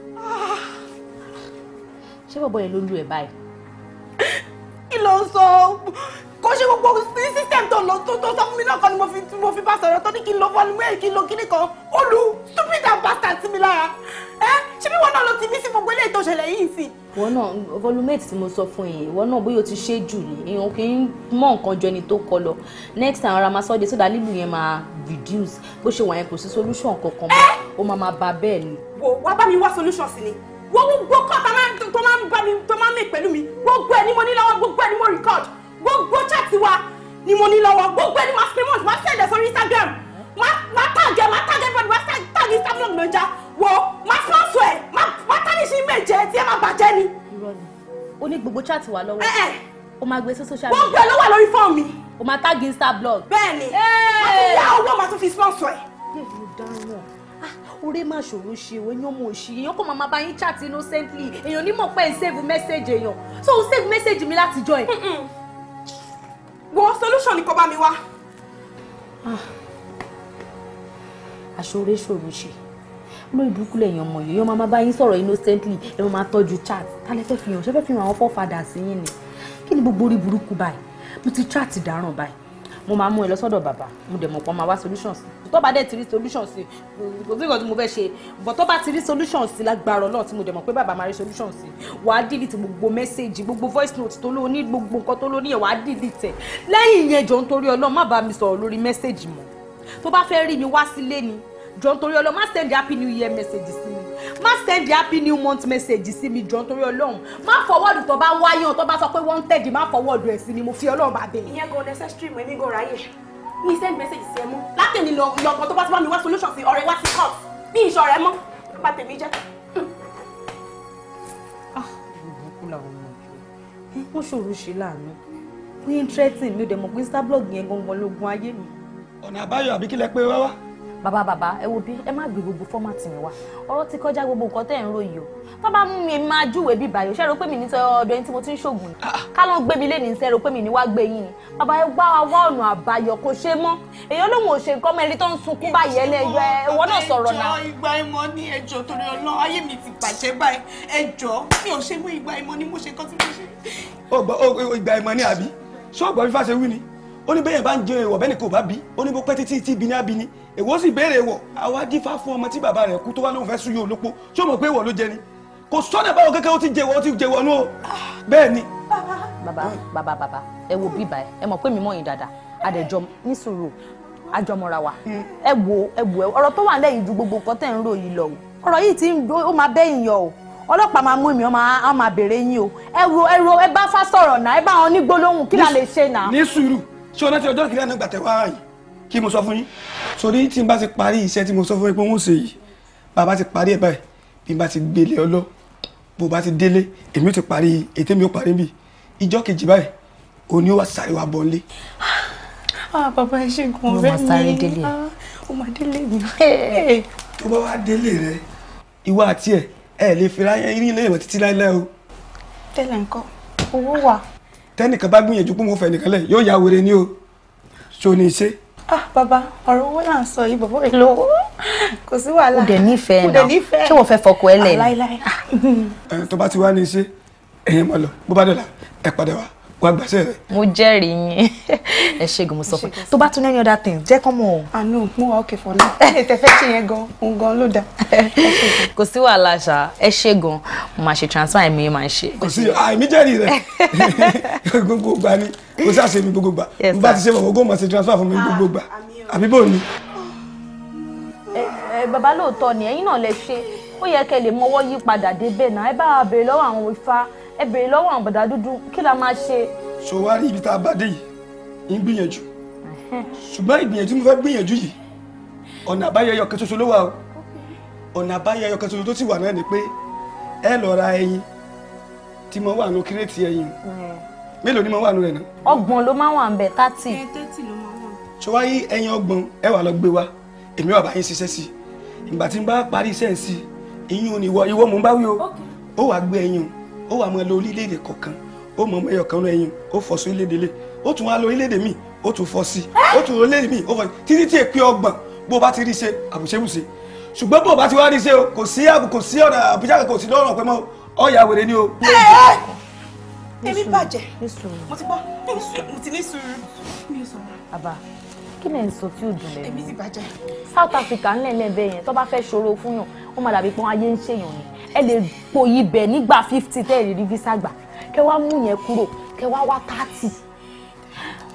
ṣé bọ̀bọ̀ yẹn ló ń lu ẹ̀ báyìí. kí ló ń sọ kó ṣe gbogbo sí system tó lọ tó tó sọ fún mi náà kan ni mo fi mo fi bá sọ̀rọ̀ tó ní kí n lo volume kí n lo kíní kan ó lu stupid and bastard sí mi lára ẹ ṣé bí wọn náà ló ti mí sí gbogbo eléyìí tó ṣẹlẹ̀ yìí sí. ìwọ náà volume tí mo sọ fún yìí ìwọ náà bóyá o ti ṣe jù ní èèyàn kì í mọ nǹkan ju ẹni tó kọ lọ next time ara máa sọ de sódà lílù yẹn máa reduce bó ṣe wà yẹn kò sí solution kankan mọ́ ó máa máa ba bẹ́ẹ̀ ni. wò wá bá mi wá solution sí ni wọ́n gbogbo kọ́ tó máa ń tó máa ń bá mi tó máa ń mè pẹ̀lú mi gbogbo ẹ̀ ni mo ní lọ́wọ́ gbogbo ẹ̀ ni mo record gbogbo chat wa ni mo ní lọ́wọ́ gbogbo ẹ̀ ni ma screen mount ma send ẹ̀ sórí Instagram ma tag ẹ̀ ma tag ẹ̀ bọ́ọ̀dù ma tag Instagram ló ń já wọ ma sponsor ẹ̀ ma ma tarnish image ẹ̀ tí ẹ ma bàjẹ́ ni. o ní gbogbo chat wa lọ́wọ́ eh, eh. o máa gbé sí social media. wọ́n gbé lọ́wọ́ lórí fóònù mi. o máa tag Insta blog. bẹ́ẹ̀ni eh! ma tún yá owó ma tún fi sponsor ẹ̀ ọkùnrin má ṣòro ṣe o èèyàn mọ̀ ṣe èèyàn kò máa bá yín chat innocently èèyàn ní mọ̀ pé ń save message èèyàn so ń save message mi láti jọ ẹ̀. wo solution ni kò bá mi wá. àṣọrẹ́ ah. ṣòro ṣe ló ìdúkúlẹ̀ èèyàn mọ̀ yìí èèyàn máa bá yín sọ̀rọ̀ innocently ẹ máa tọ́jú chat tálẹ́ fẹ́ fi hàn ṣẹ́ fẹ́ fi hàn àwọn fọ́fadà sí yín ni kí ni gbogbo orí burúkú báyìí mo ti chat dáràn báyìí mo máa mú ẹ lọ sọ́dọ̀ bàbá mo dẹ̀ mọ̀ pé máa wá solution sí tó bá dẹ̀ ti rí solution sí kò sí nǹkan mo fẹ́ ṣe but tó bá ti rí solution sí lágbára Ọlọ́run tí mo dẹ̀ mọ̀ pé bàbá máa rí solution sí wà á gbogbo message gbogbo voice note tó ló ní gbogbo nǹkan tó ló ní yẹn wà á delete yẹn jọ nítorí Ọlọ́run má bá mi sọ̀rọ̀ lórí message mọ́ tó bá fẹ́ rí mi wá sílé ni jọ nítorí Ọlọ́run má send happy new year message sí mi má send the happy new month message sí mi jọ nítorí ọlọ́run má fọwọ́dù tó bá wáyàn tó bá sọ pé wanted má fọwọ́dù ẹ̀ sí mi mo fi ọlọ́run bá bẹ̀. ìyẹn gan necessary mo èmi gan ráyè mi send message sí ẹ mú látẹ̀ni lọ lọ́kàn tó bá ti bá mi wá solution sí ọ̀rẹ́ wá sí court bí ìṣọ̀rẹ́ mọ́ tó bá tèmi jẹ́. Ah, wọ́n ṣòro ṣe láàánú pé ń trẹ́tìn mi ò dẹ̀ mọ̀ pé starblog yẹn gangan lógun ayé mi. ọ̀nà àbáyọ àbí kílẹ̀ pé bàbá bàbá ẹ wo bí ẹ má gbé gbogbo fọ́màtì mi wá ọ̀rọ̀ ti kọjá gbogbo nǹkan tẹ́ ẹ̀ ń ròyìn o bàbá mú mi máa júwèé bí báyìí ṣẹ́ ro pé mi ní sọ ọ̀dọ̀ ẹni tí mo ti ń ṣògùn ni ah, ah. ká ló ń gbé mi lé ní sẹ́ ro pé mi ní wá gbé yín ni bàbá ẹ gbá wa wá ọ̀nà àbáyọ kò ṣe mọ́ èyí olóhùn ò ṣe nǹkan mẹ́rin tó ń sunkún báyìí ẹlẹ́yọ ẹ̀wọ́n náà sọ̀rọ̀ náà. ìgbà ìmọ̀ ní ẹjọ́ torí ọlọ́ ayé mi ti pàṣẹ báyìí ẹjọ́ mi ò ṣe mú ìgbà ìmọ̀ ní mo ṣe kọ́ tí mo ó ní bẹ́yẹn bá ń jẹ èèwọ̀ bẹ́ẹ̀ ni kò bá bí ó ní bó pẹ́ títí tí bini abini èwo sì béèrè wọ̀ àwa dífá fún ọmọ tí bàbá rẹ̀ kú tó wá lóun fẹ́ sún yóò lópo ṣé o mọ̀ pé èèwọ̀ ló jẹ ni kò sọ́nà báwo kẹ́kẹ́ ó ti jẹ̀wọ̀ ó ti jẹ̀wọ̀ nú o bẹ́ẹ̀ ni. bàbá bàbá bàbá ẹ wo bíbá ẹ ẹ mọ̀ pé mi mọ̀ yín dáadáa adẹ̀jọ ní sùúrù àjọmọ̀ra wa ẹ wo ẹ wo ọ̀rọ̀ tó wà lẹ́yìn ju gbogbo nǹkan tẹ̀ ń rò yìí lọ o ọ̀rọ̀ yìí ti ń do ó máa bẹ́yìn yọ o ọlọ́pàá máa mú mi wọ́n máa béèrè yín o ẹ wo ẹ ro ẹ bá fásọ̀rọ̀ náà ẹ bá wọn ní gbólóhùn kí la lè ṣe náà. ní sùúrù ṣé o náà ti ọjọ́ kìlẹ̀ náà gbàtẹ́ wá yìí kí mo sọ fún yín sórí tí n bá ti parí iṣẹ́ tí mo sọ fún yín pé wọ́n ṣe yìí bàbá ti parí ẹ̀ báyìí bí n bá ti gbélé ọ lọ bó bá ti délé èmi ò ti parí ètè mi ò parí bì ìjọ kejì báyìí òní ó wà sáré wa bọ̀ nílé. Ah, ah, bàbá ẹ ṣe gan ọ̀rẹ́ mi ọmọ sáré délé ọmọ ah, délé mi. tó bá wá délé rẹ ìwọ àti ẹ ẹ lè fi ráyẹ ilé ìwọ títí láéláé o. tẹ́lẹ̀ nǹkan owó wà tẹ́nìkan bá gbìyànjú pé mo fẹ́ nìkan lẹ̀ yóò ya wèrè ni o ṣo ni ṣe. ah baba ọ̀rọ̀ owó là ń sọ yìí bàbá èlò owó kò sí wàhálà. o dẹ̀ nífẹ̀ẹ́ náà ṣé wọ́n fẹ́ fọkọ ẹ lẹ̀. Ah, tó bá ti wá ní ṣe ẹ̀yin mọ̀ lọ bó bá dọ̀la ẹ padà wá wá gbàṣẹ rẹ. mo jẹ́rìí yín ẹ ṣègùn mo sọ fún tó bá tún ní any other thing jẹ́ kán mọ̀ o. àánú ah, mo wà òkè fọlá ẹ tẹ fẹ́ ṣe yẹn gan òun gan ló dá. kò sí wàhálà ṣá ẹ ṣègùn mo máa ṣe transfer ẹ̀mí máa ń ṣe. kò sí àìmí ah, jẹ́rìí rẹ gbogbo gbà ni kò sí àṣẹ mi gbogbo gbà mo bá ti ṣe mọ̀ ogún mọ̀ ṣe transfer fún mi ah, gbogbo gbà àbí bò ni. ẹ bàbá lóòótọ́ ni ẹ̀yin náà lè ṣe ó yẹ kẹ́ lè mọwọ́ yí padà débẹ̀ náà ẹ bá wa béèrè lọ́wọ́ àwọn ifá ẹ bèrè lọ́wọ́ àwọn bàdá dúdú kí la máa ṣe. sọ wá rí ibi tá a bá dé yìí ń gbìyànjú ṣùgbọ́n ìgbìyànjú mo fẹ́ gbìyànjú yìí ọ̀nà àbáyọ ẹyọ kan ṣoṣo ló wà o ọ̀nà àbáyọ ẹyọ kan ṣoṣo tó Ti wà náà ni pé ẹ lọ ra ẹyin tí mo wà nù kírètì ẹyin mélòó ni mo wà nù rẹ̀ náà. ọgbọ̀n ló máa ń wà ń tátì. ẹ wá yí ẹyin ọgbọ̀n ẹ wà lọ gbé wa èmi wà bá yín ṣiṣẹ́ sí i ìgbà tí n bá parí iṣẹ́ ń sí i ìyún ni ìwọ ìwọ mò ń bá wí o ó wàá gbé ẹyin o ó wà máa lọ orílẹ̀-èdè kọ̀ọ̀kan ó mọ ẹyọ kan lọ ẹyin ó fọ sí orílẹ̀-èdè lé ó tún wá lọ orílẹ̀-èdè míì ó tún fọ sí ó tún lọ orílẹ̀-èdè míì ó fọ títí tí èpè ọgbọ̀n bó bá ti rí ṣe àbùṣebùṣe ṣùgbọ́n bó bá ti wá rí ṣe o kò sí àbù kò sí ọ̀nà àbújá kò sí lọ́rùn pẹ́ mọ́ ọ̀yà wèrè ni o. èmi bàjẹ́ mo ti gbọ́ mo ti ní sùúrù. àbá kí lẹ̀ ń sọ tí ò dùn lẹ́nu. èmi ti bàjẹ́. South Africa ńlẹ̀ lẹ́bẹ̀ẹ́ yẹn tó bá fẹ́ ṣòro fún yàn ó máa dàbí pọ́n ayé ń ṣèyàn ni ẹ lè pòyì bẹ̀ nígbà fifty tẹ́ ẹ rí visa gbà kẹ wá mú yẹn kúrò kẹ wá wá thirty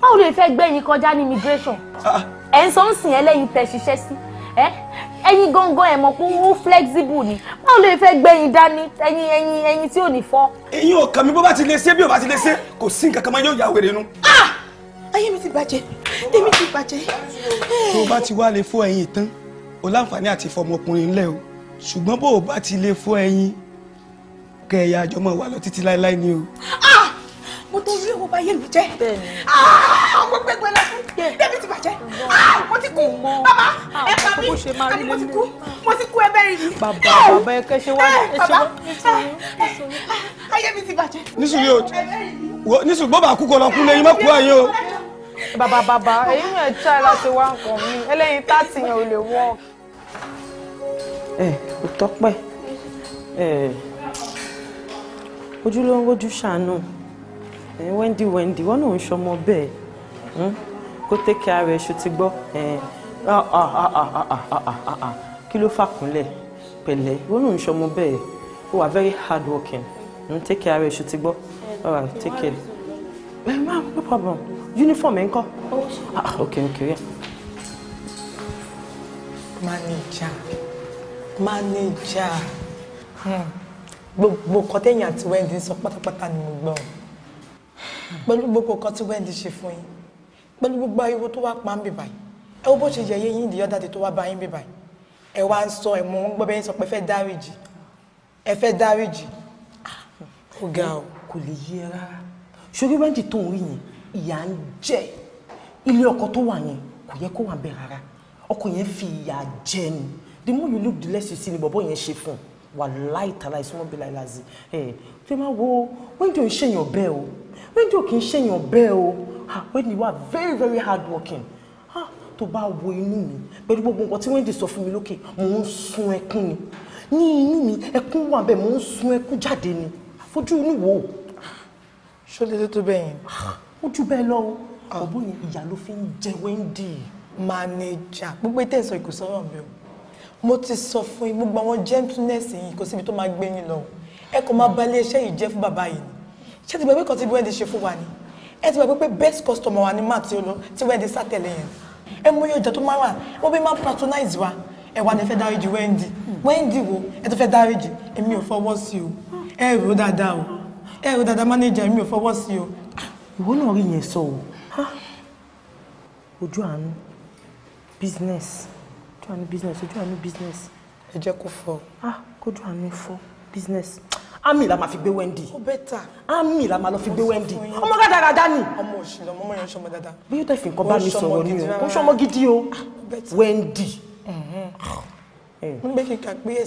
báwo lè fẹ́ gbẹ̀yìn kọjá ní immigration ah. ẹ̀ ń sọ ń sìn ẹlẹ́yin tẹ̀ ṣiṣẹ́ sí ẹ̀yin gangan ẹ̀ mọ̀ pé ó flexible ni báwo lè fẹ́ gbẹ̀yìn dání ẹ̀yin ẹ̀yin ẹ̀yin tí ò ní fọ́. ẹ̀yin ò kàn mí bó bá ti lè ṣe bí ò bá ti lè ṣe kò sí nǹkan kan máa yóò yà wèrè nu. Ah! ayé mi ti bàjẹ́ tèmi ti bàjẹ́. tó o bá ti wá lè fọ ẹ̀yìn tán o láǹfààní àti fọmọkùnrin ńlẹ̀ o ṣùgbọ́n bó o bá ti lè fọ ẹyin kẹ ẹ̀yà àjọ máa wà lọ títí láéláé ni o. Ah! mo tó rí owó báyé mi jẹ́ àwọn gbẹgbẹ lẹ́kún débi ti bàjẹ́ ah! mo ti kú bàbá ah, ẹ pa mí àní mo ti kú mo ti kú ẹbẹ rìn. bàbá bàbá ẹ kẹ́ ṣe wá ẹ ṣe wá ayé mi ti bàjẹ́. nísùlẹ̀ o nísùlẹ̀ bọ́bà kú kọ́ lọ kú lẹ́yìn mọ́kú ayé o. bàbá bàbá èyí yẹn tí a láti wá nǹkan mi ẹlẹ́yin tá a ti yàn ò lè wọ́ọ̀kì ẹ eh, kò tọ́pẹ́ ẹ eh, ojú ló ń rojú ṣàánú ẹ eh, Wendy Wendy wọn náà ń ṣọmọ bẹ́ẹ̀ hmm? kó tẹkẹ ara ẹ ṣó ti gbọ́ ẹ kí ló fàkúnlẹ̀ pẹ̀lẹ́ wọn náà ń ṣọmọ bẹ́ẹ̀ ó wà very hard working hmm, tẹkẹ ara ẹ ṣó ti gbọ́ all right take care ẹ má no problem uniform ẹ ń kọ́ ah, ok ok yeah. manager mánéjà hmm. gbogbo nǹkan tẹ̀yìn àti Wendy sọ pátápátá ni mo gbọ́ pẹ̀lú gbogbo nǹkan tí Wendy ṣe fún yín pẹ̀lú gbogbo ariwo tó wá pa ń bì báyìí ẹ wo bó ṣe yẹ yín ìdíyọ́ dáadé tó wá bá yín bì báyìí ẹ wá ń sọ ẹ̀mọ́ ń gbọ́ bẹ́ẹ̀ sọ pé ẹ fẹ́ dáríjì ẹ fẹ́ dáríjì ó ga ọ. kò lè yé ẹ rárá ṣorí Wendy tó ń rí yẹn ìyà ń jẹ ilé ọkọ tó wà yẹn kò yẹ kó wà bẹ́ẹ̀ rárá ọkọ yẹn fi ìyà jẹ ni the more you look the less you see ni bọ̀bọ̀ yẹn ṣe fún wàláì tàlà ìsúnmọ́bí láìláàzì ẹ̀ tó máa wo wíńdò ń ṣèyàn bẹ́ẹ̀ o wíńdò kì í ṣèyàn bẹ́ẹ̀ o wíńdò wà very very hard working ah, tó bá wo inú mi pẹ̀lú gbogbo nǹkan tí wíńdò sọ fún mi lókè mò ń sun ẹkún ni ní inú mi ẹkún wà bẹ́ẹ̀ mò ń sun ẹkún jáde ni àfojú inú wo. ṣó lè tó tó bẹ́ẹ̀ yẹn. ojú ah, bẹ́ẹ̀ lọ o ah. ọ̀bọ̀n yẹn ìyá ló fi ń jẹ wíńdì. manager gbogbo ètò ẹ̀sọ́ ìkòsọ́rọ̀ mi o mo ti sọ fún yín gbogbo àwọn gentleness yìí kò síbi tó máa gbé yín lọ ẹ kò máa balẹ̀ iṣẹ́ yìí jẹ́ fún bàbá yìí ni ṣé ti gbàgbé kan tí wẹ́ndì ṣe fún wa ni ẹ ti gbàgbé pé best customer wa ni má ti lọ tí wẹ́ndì sátẹ̀lẹ̀ yẹn ẹ mú yóò jẹ́ tó máa wà wọ́n bí máa patronize wa ẹ wà ní fẹ́ dáríjì wẹ́ndì wẹ́ndì wo ẹ tó fẹ́ dáríjì èmi ò fọwọ́ sí o ẹ rò dáadáa o ẹ rò dáadáa manager èmi ò fọwọ́ sí o. Ah, ìwọ náà rí yẹn sọ o ojú àánú business ojú àánú business ojú àánú business. ẹ jẹ́ kó fọ. ah kójú àánú fọ business ami la ma fi gbé Wendy o beta ami la ma lọ fi gbé Wendy ọmọ gàdàgàdà ni ọmọ osilo ọmọ yan so dada bí o te fi nǹkan bá mi sọ̀rọ̀ ni o o so gidi o ah, Wendy eh mo be ki ka pe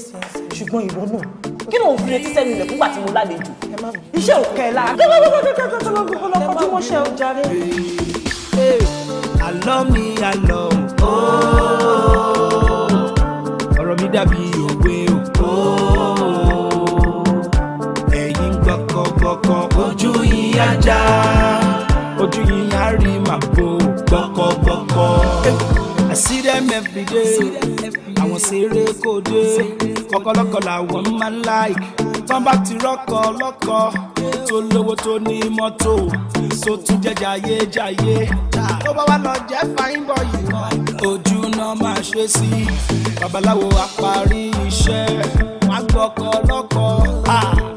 ṣùgbọ́n ìwọ náà kí ló fi retí sẹ́nu ilẹ̀ nígbà tí mo lálejò iṣẹ́ ò kẹ́ àlọ́ mi àlọ́ ooo dàbí òwe òpó. ẹ̀yin gbọ́kọ̀gbọ́kọ̀ ojú yín á já ojú yín á rí màbo gbọ́kọ̀gbọ́kọ̀. I see them every day àwọn ṣeré kò dé kọ́kọ́lọ́kọ́ làwọn máa like tán bá ti rọ́kọ̀ lọ́kọ̀ tó lówó tó ní mọ́tò tó tún jẹ́ jayéjayé tó bá wà lọ jẹ́ fine boy ojú náà máa ṣe sí babaláwo àparí iṣẹ́ wọn gbọ́kọ̀ lọ́kọ̀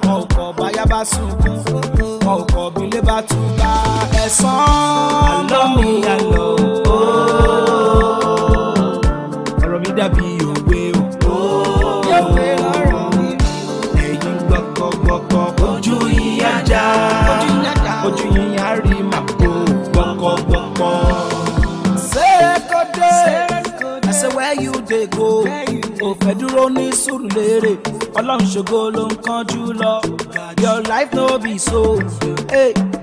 wọn báyá bá sunkún wọn bílé bá tún bá ẹ̀sán. àlọ́ mi àlọ́ ooo. fẹ́ dúró ní sùúrù léèrè ọlọ́run ṣògo ló ń kánjú lọ your life no be so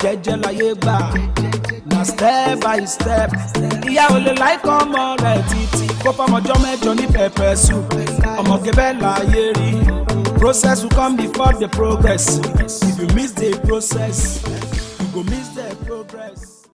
jẹ́jẹ́ láyé gbà na step by step ìyá ò lè láì kọ́ ọmọ rẹ̀ títí kó fọmọjọ́ mẹ́jọ ní pẹ̀pẹ̀ soup ọmọ kẹfẹ́ láyé rí process will come before the progress if you miss the process you go miss the progress.